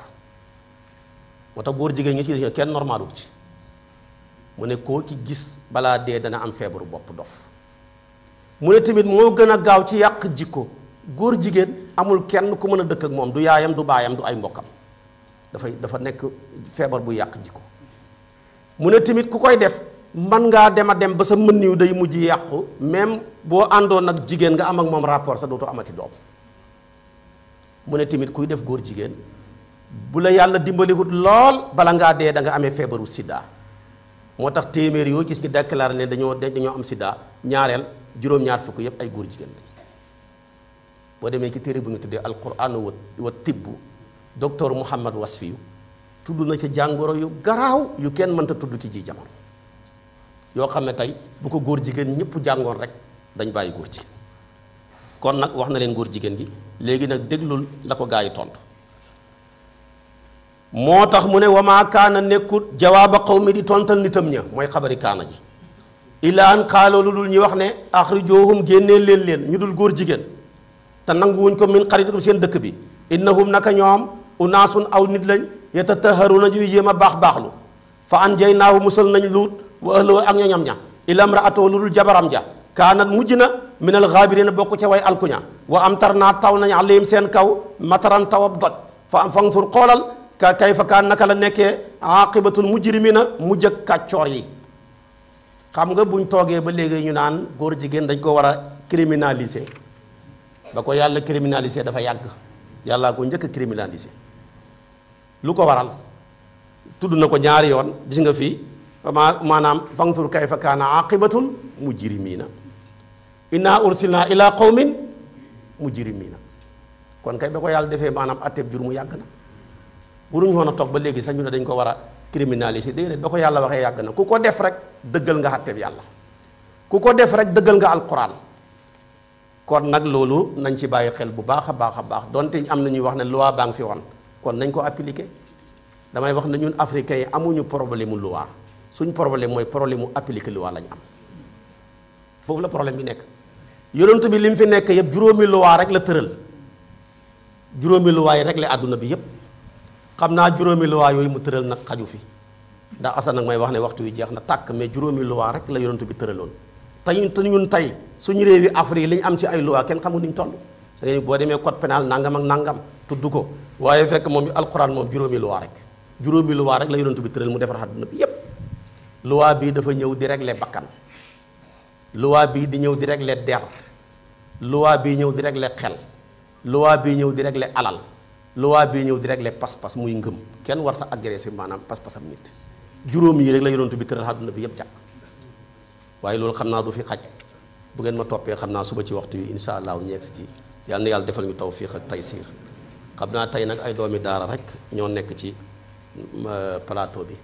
moo góor jigéen ñi ci kenn normalul ci mu ne koo ci gis balaa dee dana am feebaru bopp dof mu ne tamit moo gën a gaaw ci yàq jikko góor jigéen amul kenn ku mën a dëkk ak moom du yaayam du baayam du ay mbokkam dafay dafa nekk feebar bu yàq jikko mu ne tamit ku koy def man ngaa dem a dem ba sa mën niw day mujj yàqu même boo àndoon ak jigéen nga am ak moom rapport sa dootoo amati doom mu ne tamit kuy def góor jigéen bu la yàlla dimbaliwut lool bala ngaa dee da nga amee feebaru sida moo tax téeméer yoo gis ñu déclaré ne dañoo dañoo am sida ñaareel juróom-ñaar fukk yépp ay góor jigéen lañ boo demee ci téere bu ñu tuddee alquran wa wa tibb docteur Mouhamad Wasfiyu tudd na ci jàngoro yu garaaw yu kenn mënta tudd ci ji jamono yoo xam ne tey bu ko góor jigéen ñëpp jàngoon rek dañ bàyyi góor jigéen kon nag wax na leen góor jigéen ji léegi nag déglul la ko gaa yi tontu moo tax mu ne wamaa kaana nekkut jawaaba xaw mi di tontal nitam ña mooy xabari kaana ji illaa an lu dul ñuy wax ne axrijoohum génnee leen leen ñu dul góor jigéen te nanguwuñ ko min xaritikum seen dëkk bi innahum naka ñoom unaasun aw nit lañ yatataharuna ñuy jéem a baax baaxlu fa anjaynahu musal nañ luut wa ahluhu ak ñoñam ña illa imraatuhu lu dul jabaram ja kaanat mujj na minal xaabirina bokk ca way alkuña wa am tar naa taw nañ alayhim seen kaw mataran taw ab doj fa am fanfur xoolal ka kayfa kaan naka la nekkee aqibatul mujrimina mujj ak kàccoor yi xam nga buñ toogee ba léegi ñu naan góor jigéen dañ ko war a criminaliser ba ko yàlla criminaliser dafa yàgg yàllaa ko njëkk a lu ko waral tudd na ko ñaari yoon gis nga fii ma maanaam fanzur kayfa kaana aqibatul mujrimina inna ursilna ila qawmin mujrimina kon kay ba ko yàlla defee maanaam atteb jur mu yàgg na waruñu woon a toog ba léegi sax ñu ne dañ ko war a criminaliser déedéet ba ko yàlla waxee yàgg na ku ko def rek dëggal nga atteb yàlla ku ko def rek dëggal nga alquran kon nag loolu nañ ci bàyyi xel bu baax a baax a baax donte am na ñuy wax ne loi baa ngi fi woon kon nañ ko appliquer damay wax na ñun africains yi amuñu problème mu loi suñ problème mooy problème mu appliqué loi la ñu am foofu la problème bi nekk yonent bi li mu fi nekk yëpp juróomi loi rek la tëral juróomi loi rek la àdduna bi yëpp xam naa juróomi loi yooyu mu tëral nag xaju fi ndax asan nag may wax ne waxtu wi jeex na tàkk mais juróomi loi rek la yonent bi tëraloon te ñun te ñun tey suñu réewi Afrique li am ci ay loi kenn xamul niñ toll da ngay boo demee code pénal nangam ak nangam tudd ko waaye fekk moom alquran moom juróomi loi rek juróomi loi rek la yonent bi tëral mu defar àdduna bi yëpp loi bii dafa ñëw di régler bakkan loi bii di ñëw di régler der loi bii ñëw di régler xel loi bii ñëw di régler alal loi bii ñëw di régler pas-pas muy ngëm kenn warta agressé maanaam pas-pasam nit juróom yi rek la yonent bi tëral àdduna bi yëpp jàkk waaye loolu xam naa du fi xaj bu ngeen ma toppee xam naa suba ci waxtu yi insha allah ñu yegsi ci yàlla yàlla defal ñu tawfiq ak taysiir xam naa tey nag ay doomi daara rek ñoo nekk ci euh, palaato bi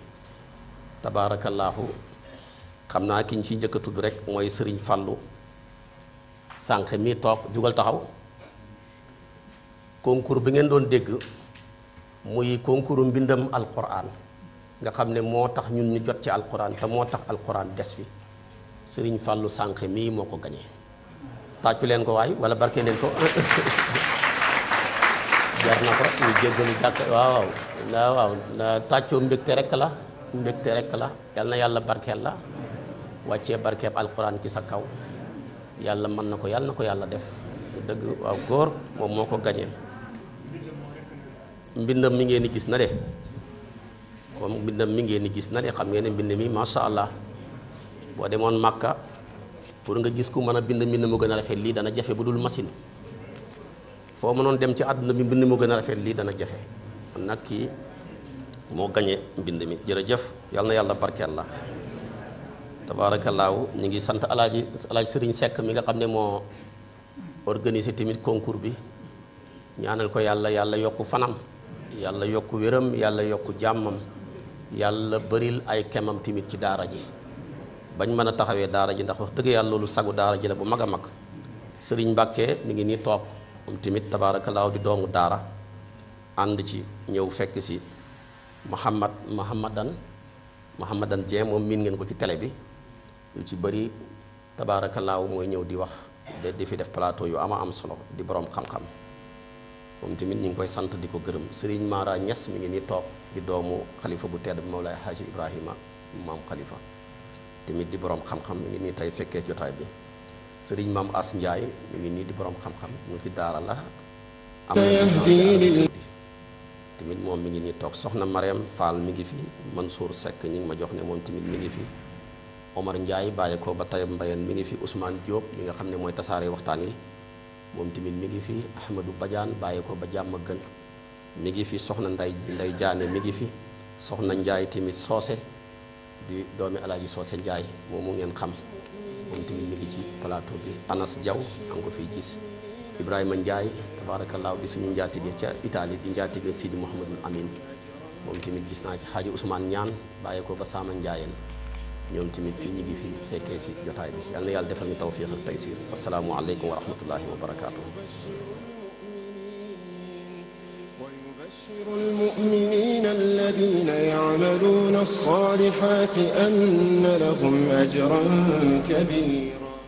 tabaarakallaahu xam naa ki ñu ciy njëkk a tudd rek mooy sëriñ fàllu sànq mii toog jugal taxaw concours bi ngeen doon dégg muy concours mbindam alquran nga xam ne moo tax ñun ñu jot ci alquran te moo tax alquran des fi sëriñ fàllu sànq mii moo ko gañee tàccu leen ko waay wala barke leen ko jar na ko jéggalu jàkk waaw waaw waaw tàccoo mbégte rek la mbégte rekk la yal na yàlla barkeel la wàccee barkeeb alquran ci sa kaw yàlla mën na ko yàlla na ko yàlla def dëgg waaw góor moom moo ko gañee mbindam mi ngeen di gis na de moom mbindam mi ngeen di gis na de xam ngeen ne mbind mi macha allah boo demoon màkka pour nga gis ku mën a bind mbind mu gën a rafet lii dana jafe bu dul machine foo mënoon dem ci àdduna bi mbind mu gën a rafet lii dana jafe nag kii moo gañe mbind mi jërëjëf yal na yàlla barkeel la tabaarakallaahu ñu ngi sant alaaji alaaji sëriñ sekk mi nga xam ne moo organisé tamit concours bi ñaanal ko yàlla yàlla yokk fanam yàlla yokku wéram yàlla yokk jàmmam yàlla bëril ay kemam tamit ci daara ji bañ mën a taxawee daara ji ndax wax dëgg yàlla loolu sagu daara ji la bu mag a mag sëriñ Mbàkke mi ngi nii toog moom tamit tabaarakallaahu di doomu daara ànd ci ñëw fekk si Mouhamad Mouhamadan Mouhamadan Dieng moom miin ngeen ko ci tele bi lu ci bëri tabaarakallaahu mooy ñëw di wax de di fi def palaato yu ama am solo di boroom xam-xam moom tamit ñu ngi koy sant di ko gërëm Serigne Mara Niass ngi nii toog di doomu xalifa bu tedd bi Mawlaay Haaji Ibrahima maam xalifa tamit di borom xam-xam mi ngi nii tey fekkee jotaay bi sëriñ maam As Ndiaye mi ngi nii di borom xam-xam mu ci daara la am tamit moom mi ngi nii toog soxna Mariam Fall mi ngi fi Mansour Seck ñi ma jox ne moom tamit mi ngi fi Omar Ndiaye bàyyi ko ba tayam mbayeen mi ngi fi Ousmane Diop mi nga xam ne mooy tasaare waxtaan moom tamit mi ngi fi Ahmadou Badiane bàyyi ko ba jàmm gën mi ngi fi soxna nday nday jaane mi ngi fi soxna njaay tamit soose di doomi alaaji soose Ndiaye mu ngeen xam moom tamit mi ngi ci palaato bi Anas Diaw a ngi ko fiy gis Ibrahima Ndiaye tabaarakallaahu di suñu njaatige ca Italie di njaatige Sidi Mouhamadul Amin moom tamit gis naa ci xaaji Ousmane ñaan bàyyi ko ba Saama Njaayeen ñoom tamit ñu ngi fi fekkee si jotaay bi yal na yàlla defal ñu tawfiq ak taysir asalaamu aleykum wa rahmatullahi wa barakaatu. ويبشر المؤمنين الذين يعملون الصالحات أن لهم أجرا كبيرا